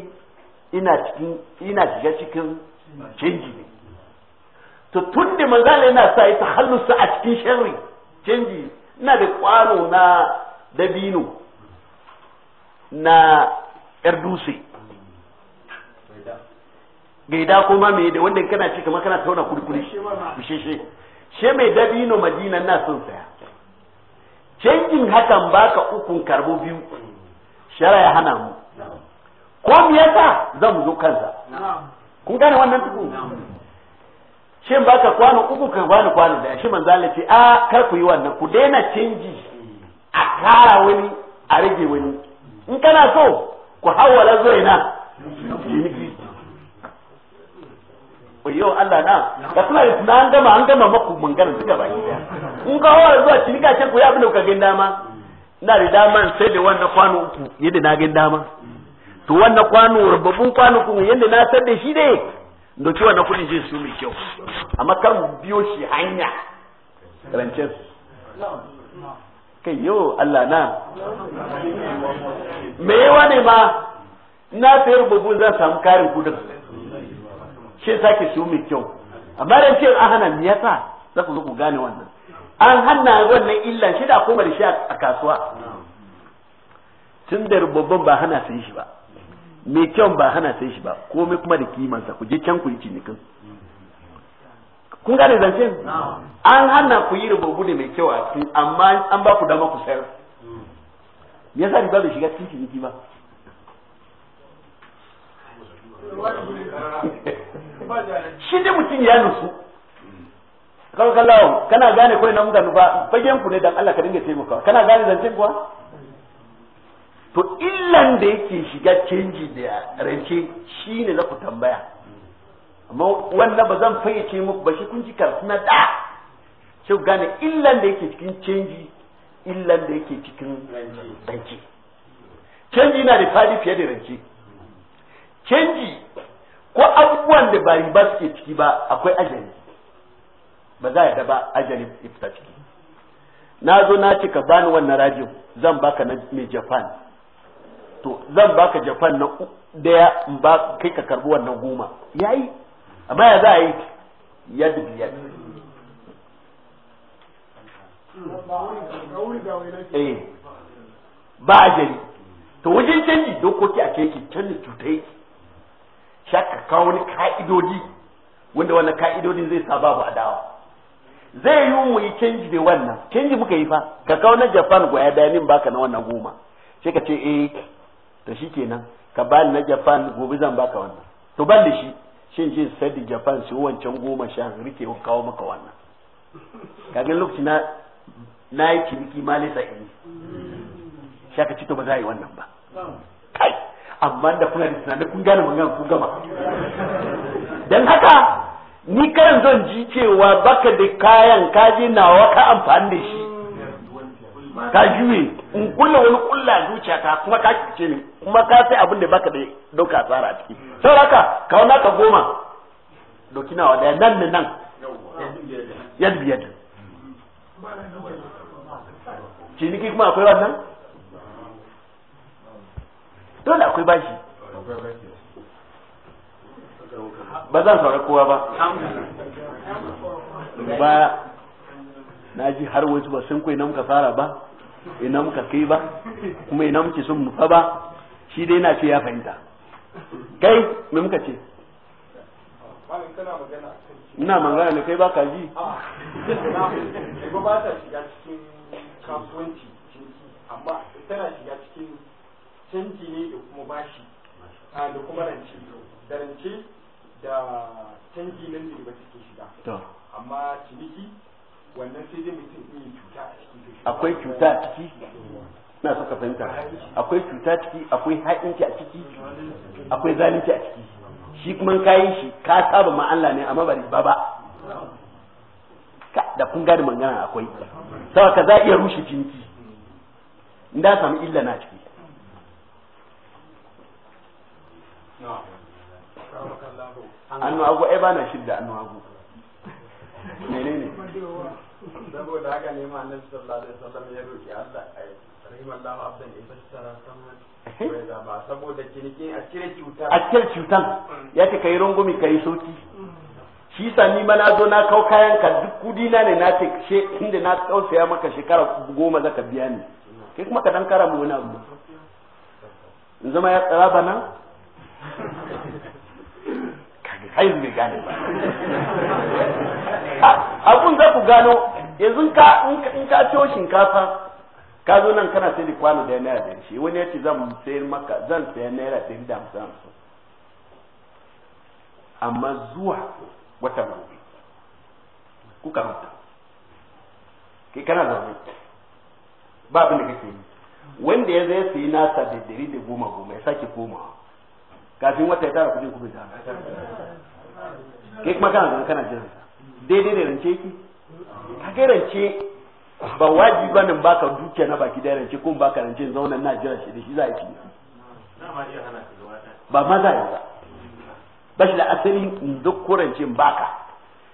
ina cikin ina shiga cikin canji ne to tun da manzala yana sa ita halusa a cikin sharri canji ina da kwano na dabino na yar dutse gaida kuma me da wanda kana ce kamar kana tauna kurkure bisheshe she mai dabino madina na son saya canjin hakan baka ukun karbo biyu shara ya hana mu ko mu yasa zan zo kansa kun gane wannan shi ba ka kwano uku ka bani kwano da shi manzo Allah ce a kar ku yi wannan ku daina canji a kara wani a rage wani in kana so ku hawala zuwa ina yau Allah na da kuma da an gama an gama maku manganin duka baki daya in ka hawala zuwa cinika can ku yi abin da kuka gani dama na da dama sai da wannan kwano uku yadda na gani dama to wannan kwano rubabun kwano kun yanda na san da shi ne doki na kudin jin su mai kyau amma kar mu biyo shi hanya rancen kai yo Allah na me yawa ne ma na sai rubabun zan samu karin kudin shi sake su mai kyau amma ce an hana me yasa za ku zo ku gane wannan an hanna wannan illa shi da kuma da shi a kasuwa tun da rubabban ba hana sun shi ba mai kyan ba hana sai shi ba komai kuma da kimansa ku je can ku yi cinikin kun gane zance an hana ku yi rubutu ne mai kyau a cikin amma an ba ku dama ku sayar me yasa riba bai shiga cikin ciniki ba <laughs> shi dai mutum ya nusu kawai kallawa kana gane kawai na mutane ba fagen ku ne dan Allah ka dinga taimakawa kana gane zancen kuwa to illan da yake shiga canji da rance shi ne za ku tambaya amma wannan ba zan fayyace muku ba shi kun ji karatu na da shi gane illan da yake cikin canji illan da yake cikin rance canji na da fadi fiye da rance canji ko abubuwan da ba riba suke ciki ba akwai ajali ba za a daba ajali ya fita ciki na zo na ce ka bani wannan rajin zan baka na mai japan to zan baka japan na daya in ba kai ka karbi wannan goma yayi amma ya za a yi yadda biyar eh. ba a jari to wajen canji dokoki a ce canji cutai shaka kawo wani ka'idodi wanda wannan ka'idodin zai sa babu adawa zai yi mu yi canji da wannan canji muka yi fa ka kawo na japan gwaya dayanin baka na wannan goma sai ka ce eh to shi kenan ka ba na japan gobe zan baka wannan to ban da shi shin shi sai da japan su wancan goma sha rike wa kawo maka wannan kaga lokaci na na yi ciniki ma lesa ini shaka ci to ba za a yi wannan ba kai amma da kuna da tunanin kun gane magana kun gama dan haka ni karan zan ji cewa baka da kayan kaje nawa ka amfani da shi ka juye in kunna wani kulla zuciya ta kuma ka kice ni kuma ka sai abin da baka da dauka tsara a ciki saboda ka wani ka goma doki nawa da nan da nan yad biyad ciniki kuma akwai wannan dole akwai bashi ba zan saura kowa ba ba na ji har wasu ba sun kwai na muka fara ba ina muka kai ba kuma ina muke son mu fa ba shi dai na ce ya fahimta kai me muka ce ina magana ne kai ba ka ji ba ta shiga cikin kasuwanci amma tana shiga cikin canji ne da kuma bashi da kuma rance da rance da canji nan da ba take shiga amma ciniki wannan sai dai mutum yi cuta akwai cuta a ciki na suka fahimta akwai cuta ciki akwai haƙinci a ciki akwai zalunci a ciki shi kuma kayan shi ka saba ma Allah ne amma bari ba ba ka da kun gane mangana akwai sawa ka za iya rushe jinki inda samu illa na ciki annu agu ai bana shidda annu agu menene saboda haka ne ma annabi sallallahu alaihi wasallam ya roki Allah ai rahimallahu abdan ya fassara saman ba saboda ciniki a cire cutar a cire cutan ya ce kai rungumi kai soki shi sa ni ma na zo na kau kayan ka duk kudina ne na ce she inda na tausaya maka shekara goma zaka biya ni kai kuma ka dan kara mu wani abu in zama ya tsara bana <laughs> kaga haizu bai gane ba abun za ku gano yanzu ka in ka ciyo shinkafa ka zo nan kana sai da kwano da naira da shi wani yace zan sayar maka zan sayar naira ɗari da hamsin hamsin amma zuwa wata ku ka mata ke kana zaune ba abin da kake yi wanda ya zai sayi nasa da dari da goma goma ya sake goma kafin wata ya tara kudin kuma ya kai kuma kana zaune kana jiran daidai da rance ki ga rance ba wajibi ba nan baka dukiya na baki da rance ko baka rance zauna na jira shi da shi za a ci ba ma za a yi ba ba shi da asali duk ko rance baka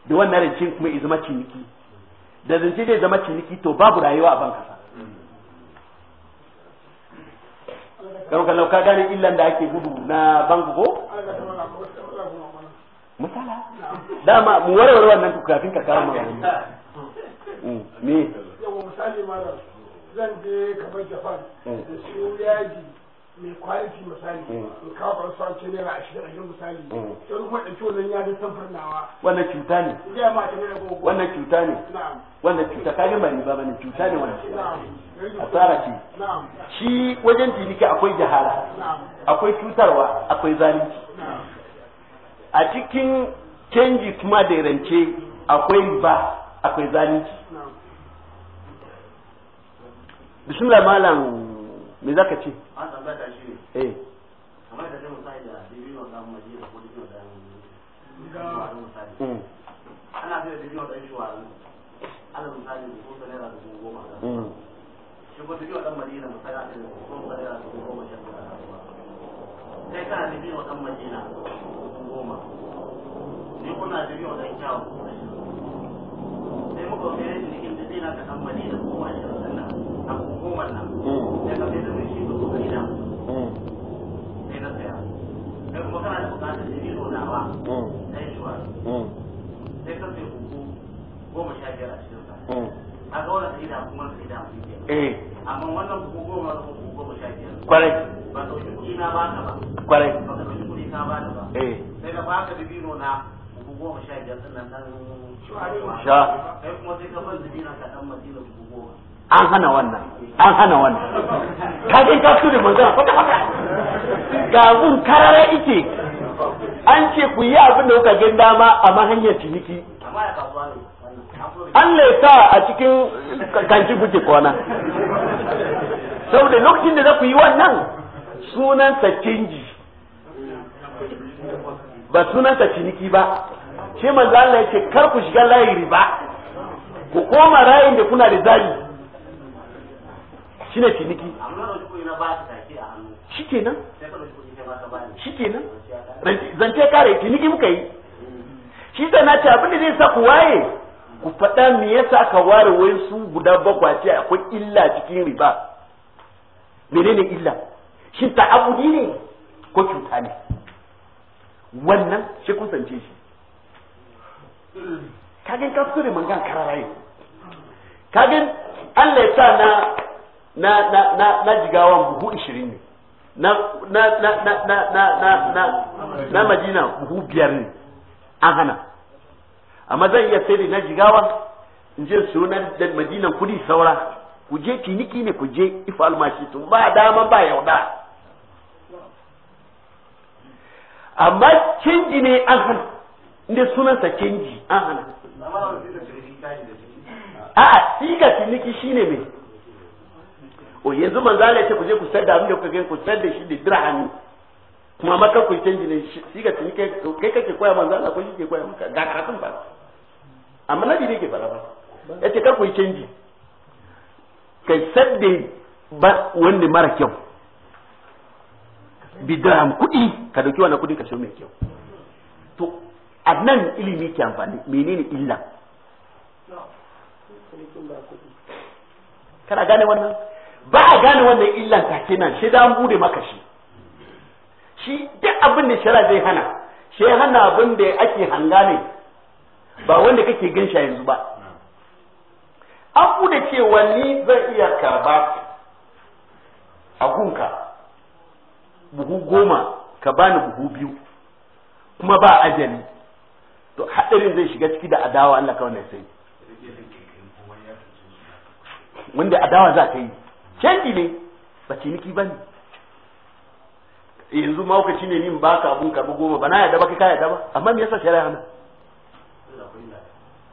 da wannan rance kuma ya zama ciniki da rance zai zama ciniki to babu rayuwa a banka karo ka lauka gane illan da ake gudu na banku ko misala dama mu warware wannan ku kafin ka kawo magana mm, me yawa misali malam zan je kamar japan mm. da su yaji mai quality misali mm. in kawo kwarsuwa ce naira ashirin ashirin misali don kuma ɗauki wannan yadin samfur nawa wannan cuta ne wannan cuta ne wannan cuta ka ga ba ba ne cuta ne wannan asara ce shi wajen ciniki akwai jahara akwai cutarwa akwai zalunci a cikin canji kuma da rance akwai ba akwai zalunci bismillah malam me zaka ce eh mm. ana da da ana ko goma mm. shi ko da a ko goma sai kana da madina goma ne kuna da yau dan kyawu sai muka wani rashin cikin da zai na ka san da goma shi sannan na goma na ya hmm. ka da mai shi da kuma ina sai na tsaya sai kuma kana da bukatar da biro hmm. wa sai yi shuwa sai ka sai huku goma sha biyar a cikin sa hmm. a ga wannan sai da kuma sai da eh amma wannan hukun goma da hukun goma sha biyar kwarai ba ɗauki kuɗi na ba ta ba kwarai ba ta wuce kuɗi ka ba ka dibino na goma sha kai kuma an hana wannan an hana wannan ka ka karara ike an ce ku yi abin da kuka gin dama a mahanyar ciniki an sa a cikin kanci buke kwana saboda lokacin da za ku yi wannan sunan canji ba sunansa ciniki ba shi manzo Allah yake kar ku shiga layi riba ku koma rayin da kuna da zali shine ciniki shikenan shikenan zance kare ciniki muka yi shi da na ce abin da zai sa ku waye ku faɗa me yasa ka ware wai su guda bakwai ce akwai illa cikin riba menene illa shi ta abudi ne ko cuta ne wannan shi kusance shi kagin ka fito da mangan kararaye kagin Allah ya sa na na na na jigawan buhu 20 ne na na na na na na na na Madina buhu biyar ne an hana amma zan iya sai na jigawa in je sunan da Madina kudi saura ku je kiniki ne ku je ifa almashi tun ba dama ba yauda amma canji ne an hana inda sunansa canji an hana a'a siga ciniki shine mai o yanzu manzo Allah ce ku je ku da abin da kuka gani ku da shi da dirhami kuma maka ku canji ne siga ciniki kai kake koya manzo Allah ko shi ke koya maka ga karatun ba amma nabi ne ke fara ba yace kar ku canji kai sadda ba wanda mara kyau bidiram kuɗi ka dauki wannan kudi ka shi mai kyau to a nan ilimi ke amfani menene illa kana gane wannan ba a gane wannan illan take kenan shi da an bude maka shi shi duk abin da shara zai hana shi hana abin da ake hanga ne ba wanda kake gan shi yanzu ba an bude cewa ni zan iya karba a gunka buhu goma ka bani buhu biyu kuma ba ajali to hadarin zai shiga ciki da adawa Allah kawai ne sai wanda adawa za ka yi canji ne ba ciniki ba ne yanzu maukaci ne min ka abun karbi goma ba na yadda ba kai ka yadda ba amma me yasa shari'a hana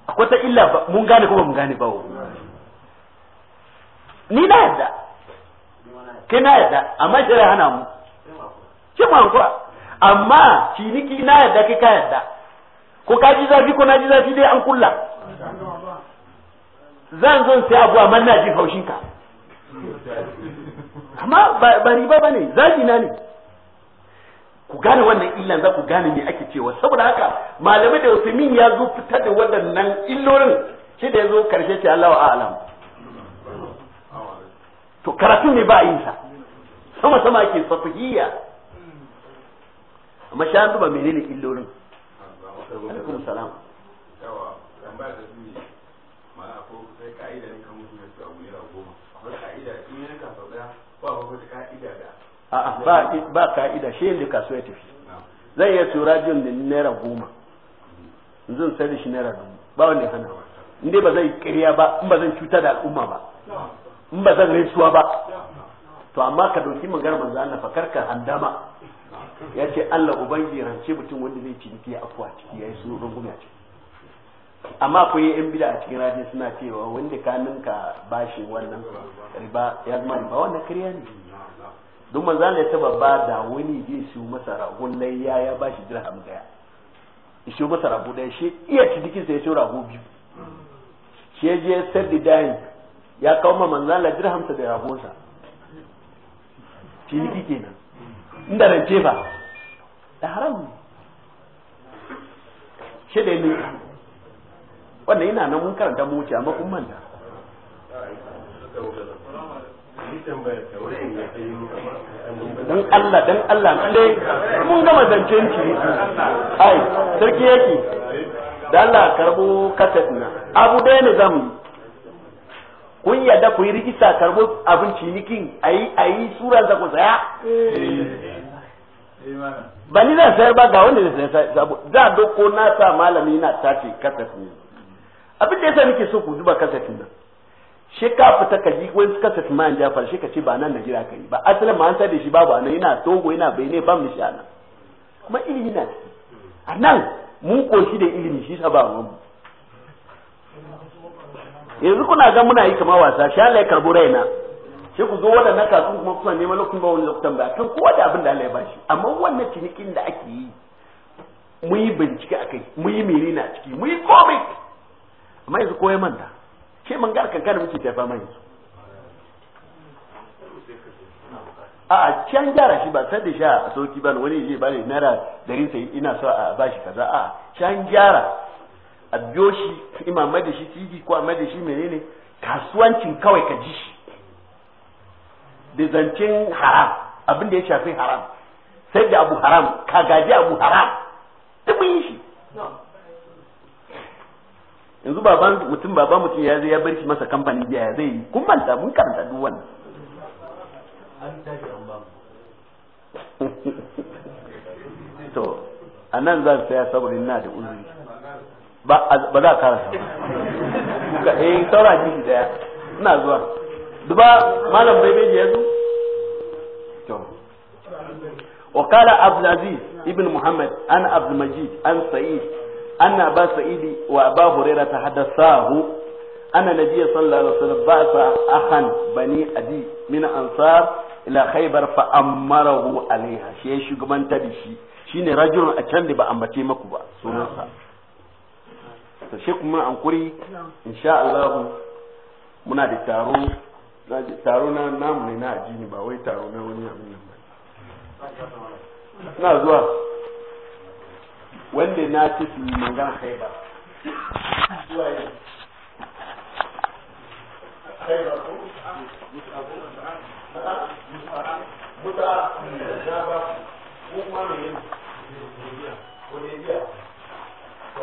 akwai ta illa ba mun gane ko ba mun gane ba ni na yadda kai na yadda amma shari'a hana mu ce ma hankura amma ciniki na yadda kai ka yadda ko ka ji zafi ko na ji zafi dai an kulla zan zan sai abu amma na ji haushin ka amma ba riba ba zafi na ne ku gane wannan illan za ku gane me ake cewa saboda haka malamai da usmin ya zo fitar da waɗannan illolin shi da ya zo karshe ce Allah wa a'lam to karatun ne ba yin sa sama sama ke safihiya amma sha duba menene illolin alaikum salam yawa tambaya da shi mala ko sai ka'ida ne kan mutum ya ci goma akwai ka'ida in yana ba ka'ida ba ka'ida shi yadda kasuwa ya tafi zai iya tura jin da naira goma zan sai da shi naira dubu ba wanda hana in dai ba zai kirya ba in ba zan cuta da al'umma ba in ba zan gaisuwa ba to amma ka dauki maganar manzo Allah fa karka handama ya ce Allah ubangi rance mutum wanda zai dike a kwa ciki ya yi su rungume a ciki amma akwai yan bida a cikin rajin suna cewa wanda ka ninka bashi wannan riba ya zama ba wannan kariya ne duk manzo Allah ya taba ba da wani zai siyo masa ragon nan ya bashi dirham daya ya siyo masa rago daya shi iya ci sai ya shi rago biyu shi ya je sai da dayin ya kawo ma manzo Allah dirhamsa da ragonsa ciniki kenan inda rance ba da haram ne shi da ne wannan ina nan mun karanta mu amma kun manta dan Allah dan Allah dai mun gama zancen ci ai sarki yake da Allah karbo katat na abu dai ne zamu kun yadda ku yi rigista karbo abin cinikin ayi yi suran ku saya ba ni zan sayar ba ga wanda zai sayar sabo za doko na sa malami na tafi kasafi ne abin da yasa nake so ku zuba kasafin nan shi ka fita ka ji wani kasafi ma an jafar shi ka ce ba nan Najeriya ka yi ba asalin ma an sai da shi babu anan yana togo yana bai ne ban mishi anan kuma ilimi na a nan mun koshi da ilimi shi sa ba mu yanzu kuna ga muna yi kama wasa shi Allah ya karbo raina shi ku zo waɗannan kasuwan kuma kuna neman lokacin ba wani lokutan ba kan kowa da abin da Allah ya bashi amma wannan cinikin da ake yi mu yi bincike akai mu yi mere na ciki mu yi komai amma yanzu koyi manta ce man gar kankana muke tafa mai yanzu a can gyara shi ba sai da sha a sauki ba wani je ba ne naira dari sai ina so a bashi kaza a can gyara a biyo shi ima mai da shi titi ko a mai da shi menene kasuwancin kawai ka ji shi da zancen haram abin da ya shafi haram sai da abu haram ka gaji abu haram duk mun yi shi yanzu baban mutum baban mutum ya zai ya bar shi masa kamfanin ya zai yi kun manta mun karanta duk wannan <laughs> to anan zan saya saboda ina da uzuri ba za a kara ka eh saura jiki daya ina zuwa duba malam bai bai ya zo to وقال عبد العزيز ابن محمد عن عبد المجيد عن سعيد أن أبا سعيد وأبا هريرة تحدثاه أن النبي صلى الله عليه وسلم بعث أخا بني أدي من أنصار إلى خيبر فأمره عليها شيء شو كمان تدشي شيني رجل أتشان لبا أمبتي مكوبا سنوسا ta shi kuma an kuri insha Allah muna da taro taro na namu ne na ajini ba wai taro na wani abin nan ba na zuwa wanda na ce su magana haiba zuwa yi haiba ko buta da ba ko kuma ne ko ne biya to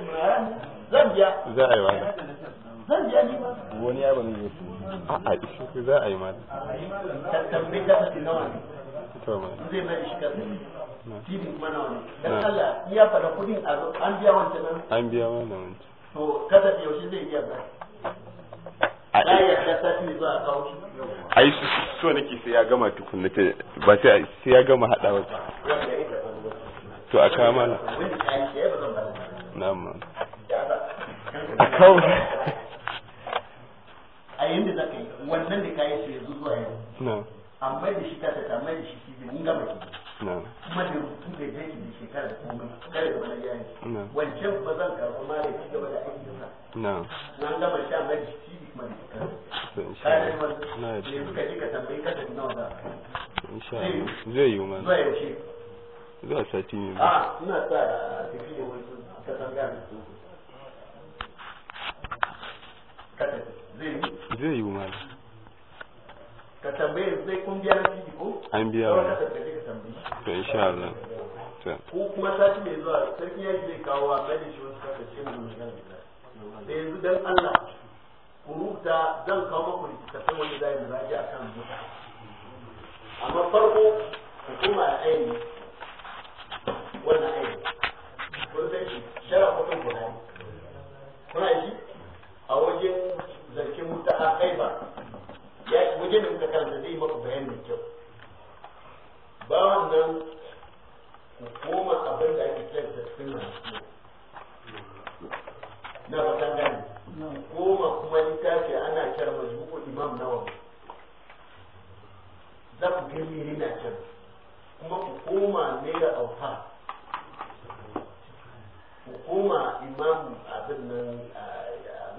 zan biya za a wani wani ya ne zai a a za a yi ta nawa ne zai tidin wani dan Allah iya fada ba a yi so sai ya gama tukunna ba sai ya gama haɗa wata to a kama a kawo a yanda za ka yi wannan da ka yi su yanzu zuwa yau amma da shi kasa ta mai da shi shi mun gama ki kuma da mutum da jaki da shekara da kuma kare da wani yayi wancan ba zan karɓa ma da ci gaba da aiki da na gama sha mai da shi kuma da shekara kare ma da suka je ka tambayi kasa da nawa za insha Allah zai yi mana. zai yi shi za a sati ne ba ah, a ina sa tafi da wani kasan gari zai yi mana ka tambaye zai kun biya na fiji ko an biya wa to insha Allah ko kuma sati mai zuwa sarki yaki zai kawo a bai da shi wasu kasashe mu magana da yanzu dan Allah ku rubuta zan kawo maku littattafai wanda za a yi muraji a kan mutu amma farko ku kuma a aini wannan aini Ko san shi shara kuɗin kuna yi kuna yi a wajen zargin mutu a ba. ya wajen da muka karanta zai maku bayan da kyau ba wannan ku koma abin da ake kyan da suna na fatan gani koma kuma littafi ana kyar majmu'u imam nawa za ku ne na kyar kuma ku koma da auta ku koma imam abin nan a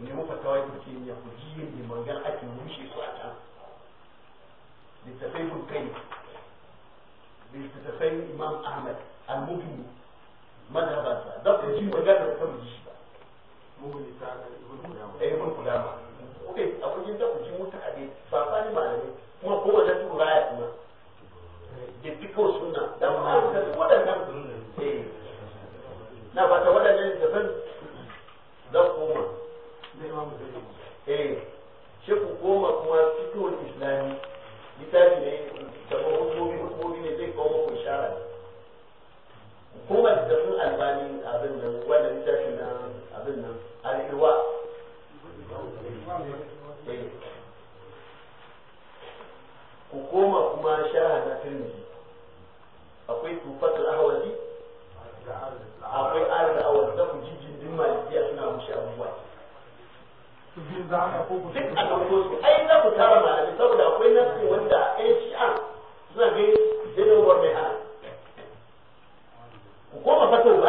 ku mu fatawa ibn taymiya ku ji yin mangar ake mushe su a can littafai ibn kai littafai imam ahmad al-mubin madhabansa da ku ji mangar da ku ji shi ba mubin ta ibn kudama eh, ibn kudama okay akwai yin da ku ji mutu a dai ba fa ni malami kuma ko wajen su raya kuma da fiko sunna da ma da waɗannan eh. na ba ta waɗannan da zan zan kuma. eh shi ku koma kuma fitowar islami littafi ne daga hukumomi hukumomi ne zai kawo muku shara kuma da sun albani abin nan wannan littafi na abin nan al'irwa eh, ku koma kuma shara na tirmidhi akwai tufatul ahwazi akwai arda awal da ku jijjin din malikiya suna mushi abubuwa duk a ɗauko su ai za ku tara malamai saboda akwai nafsi wanda ɗan shi'a suna gani zai mai hana ku koma fatawa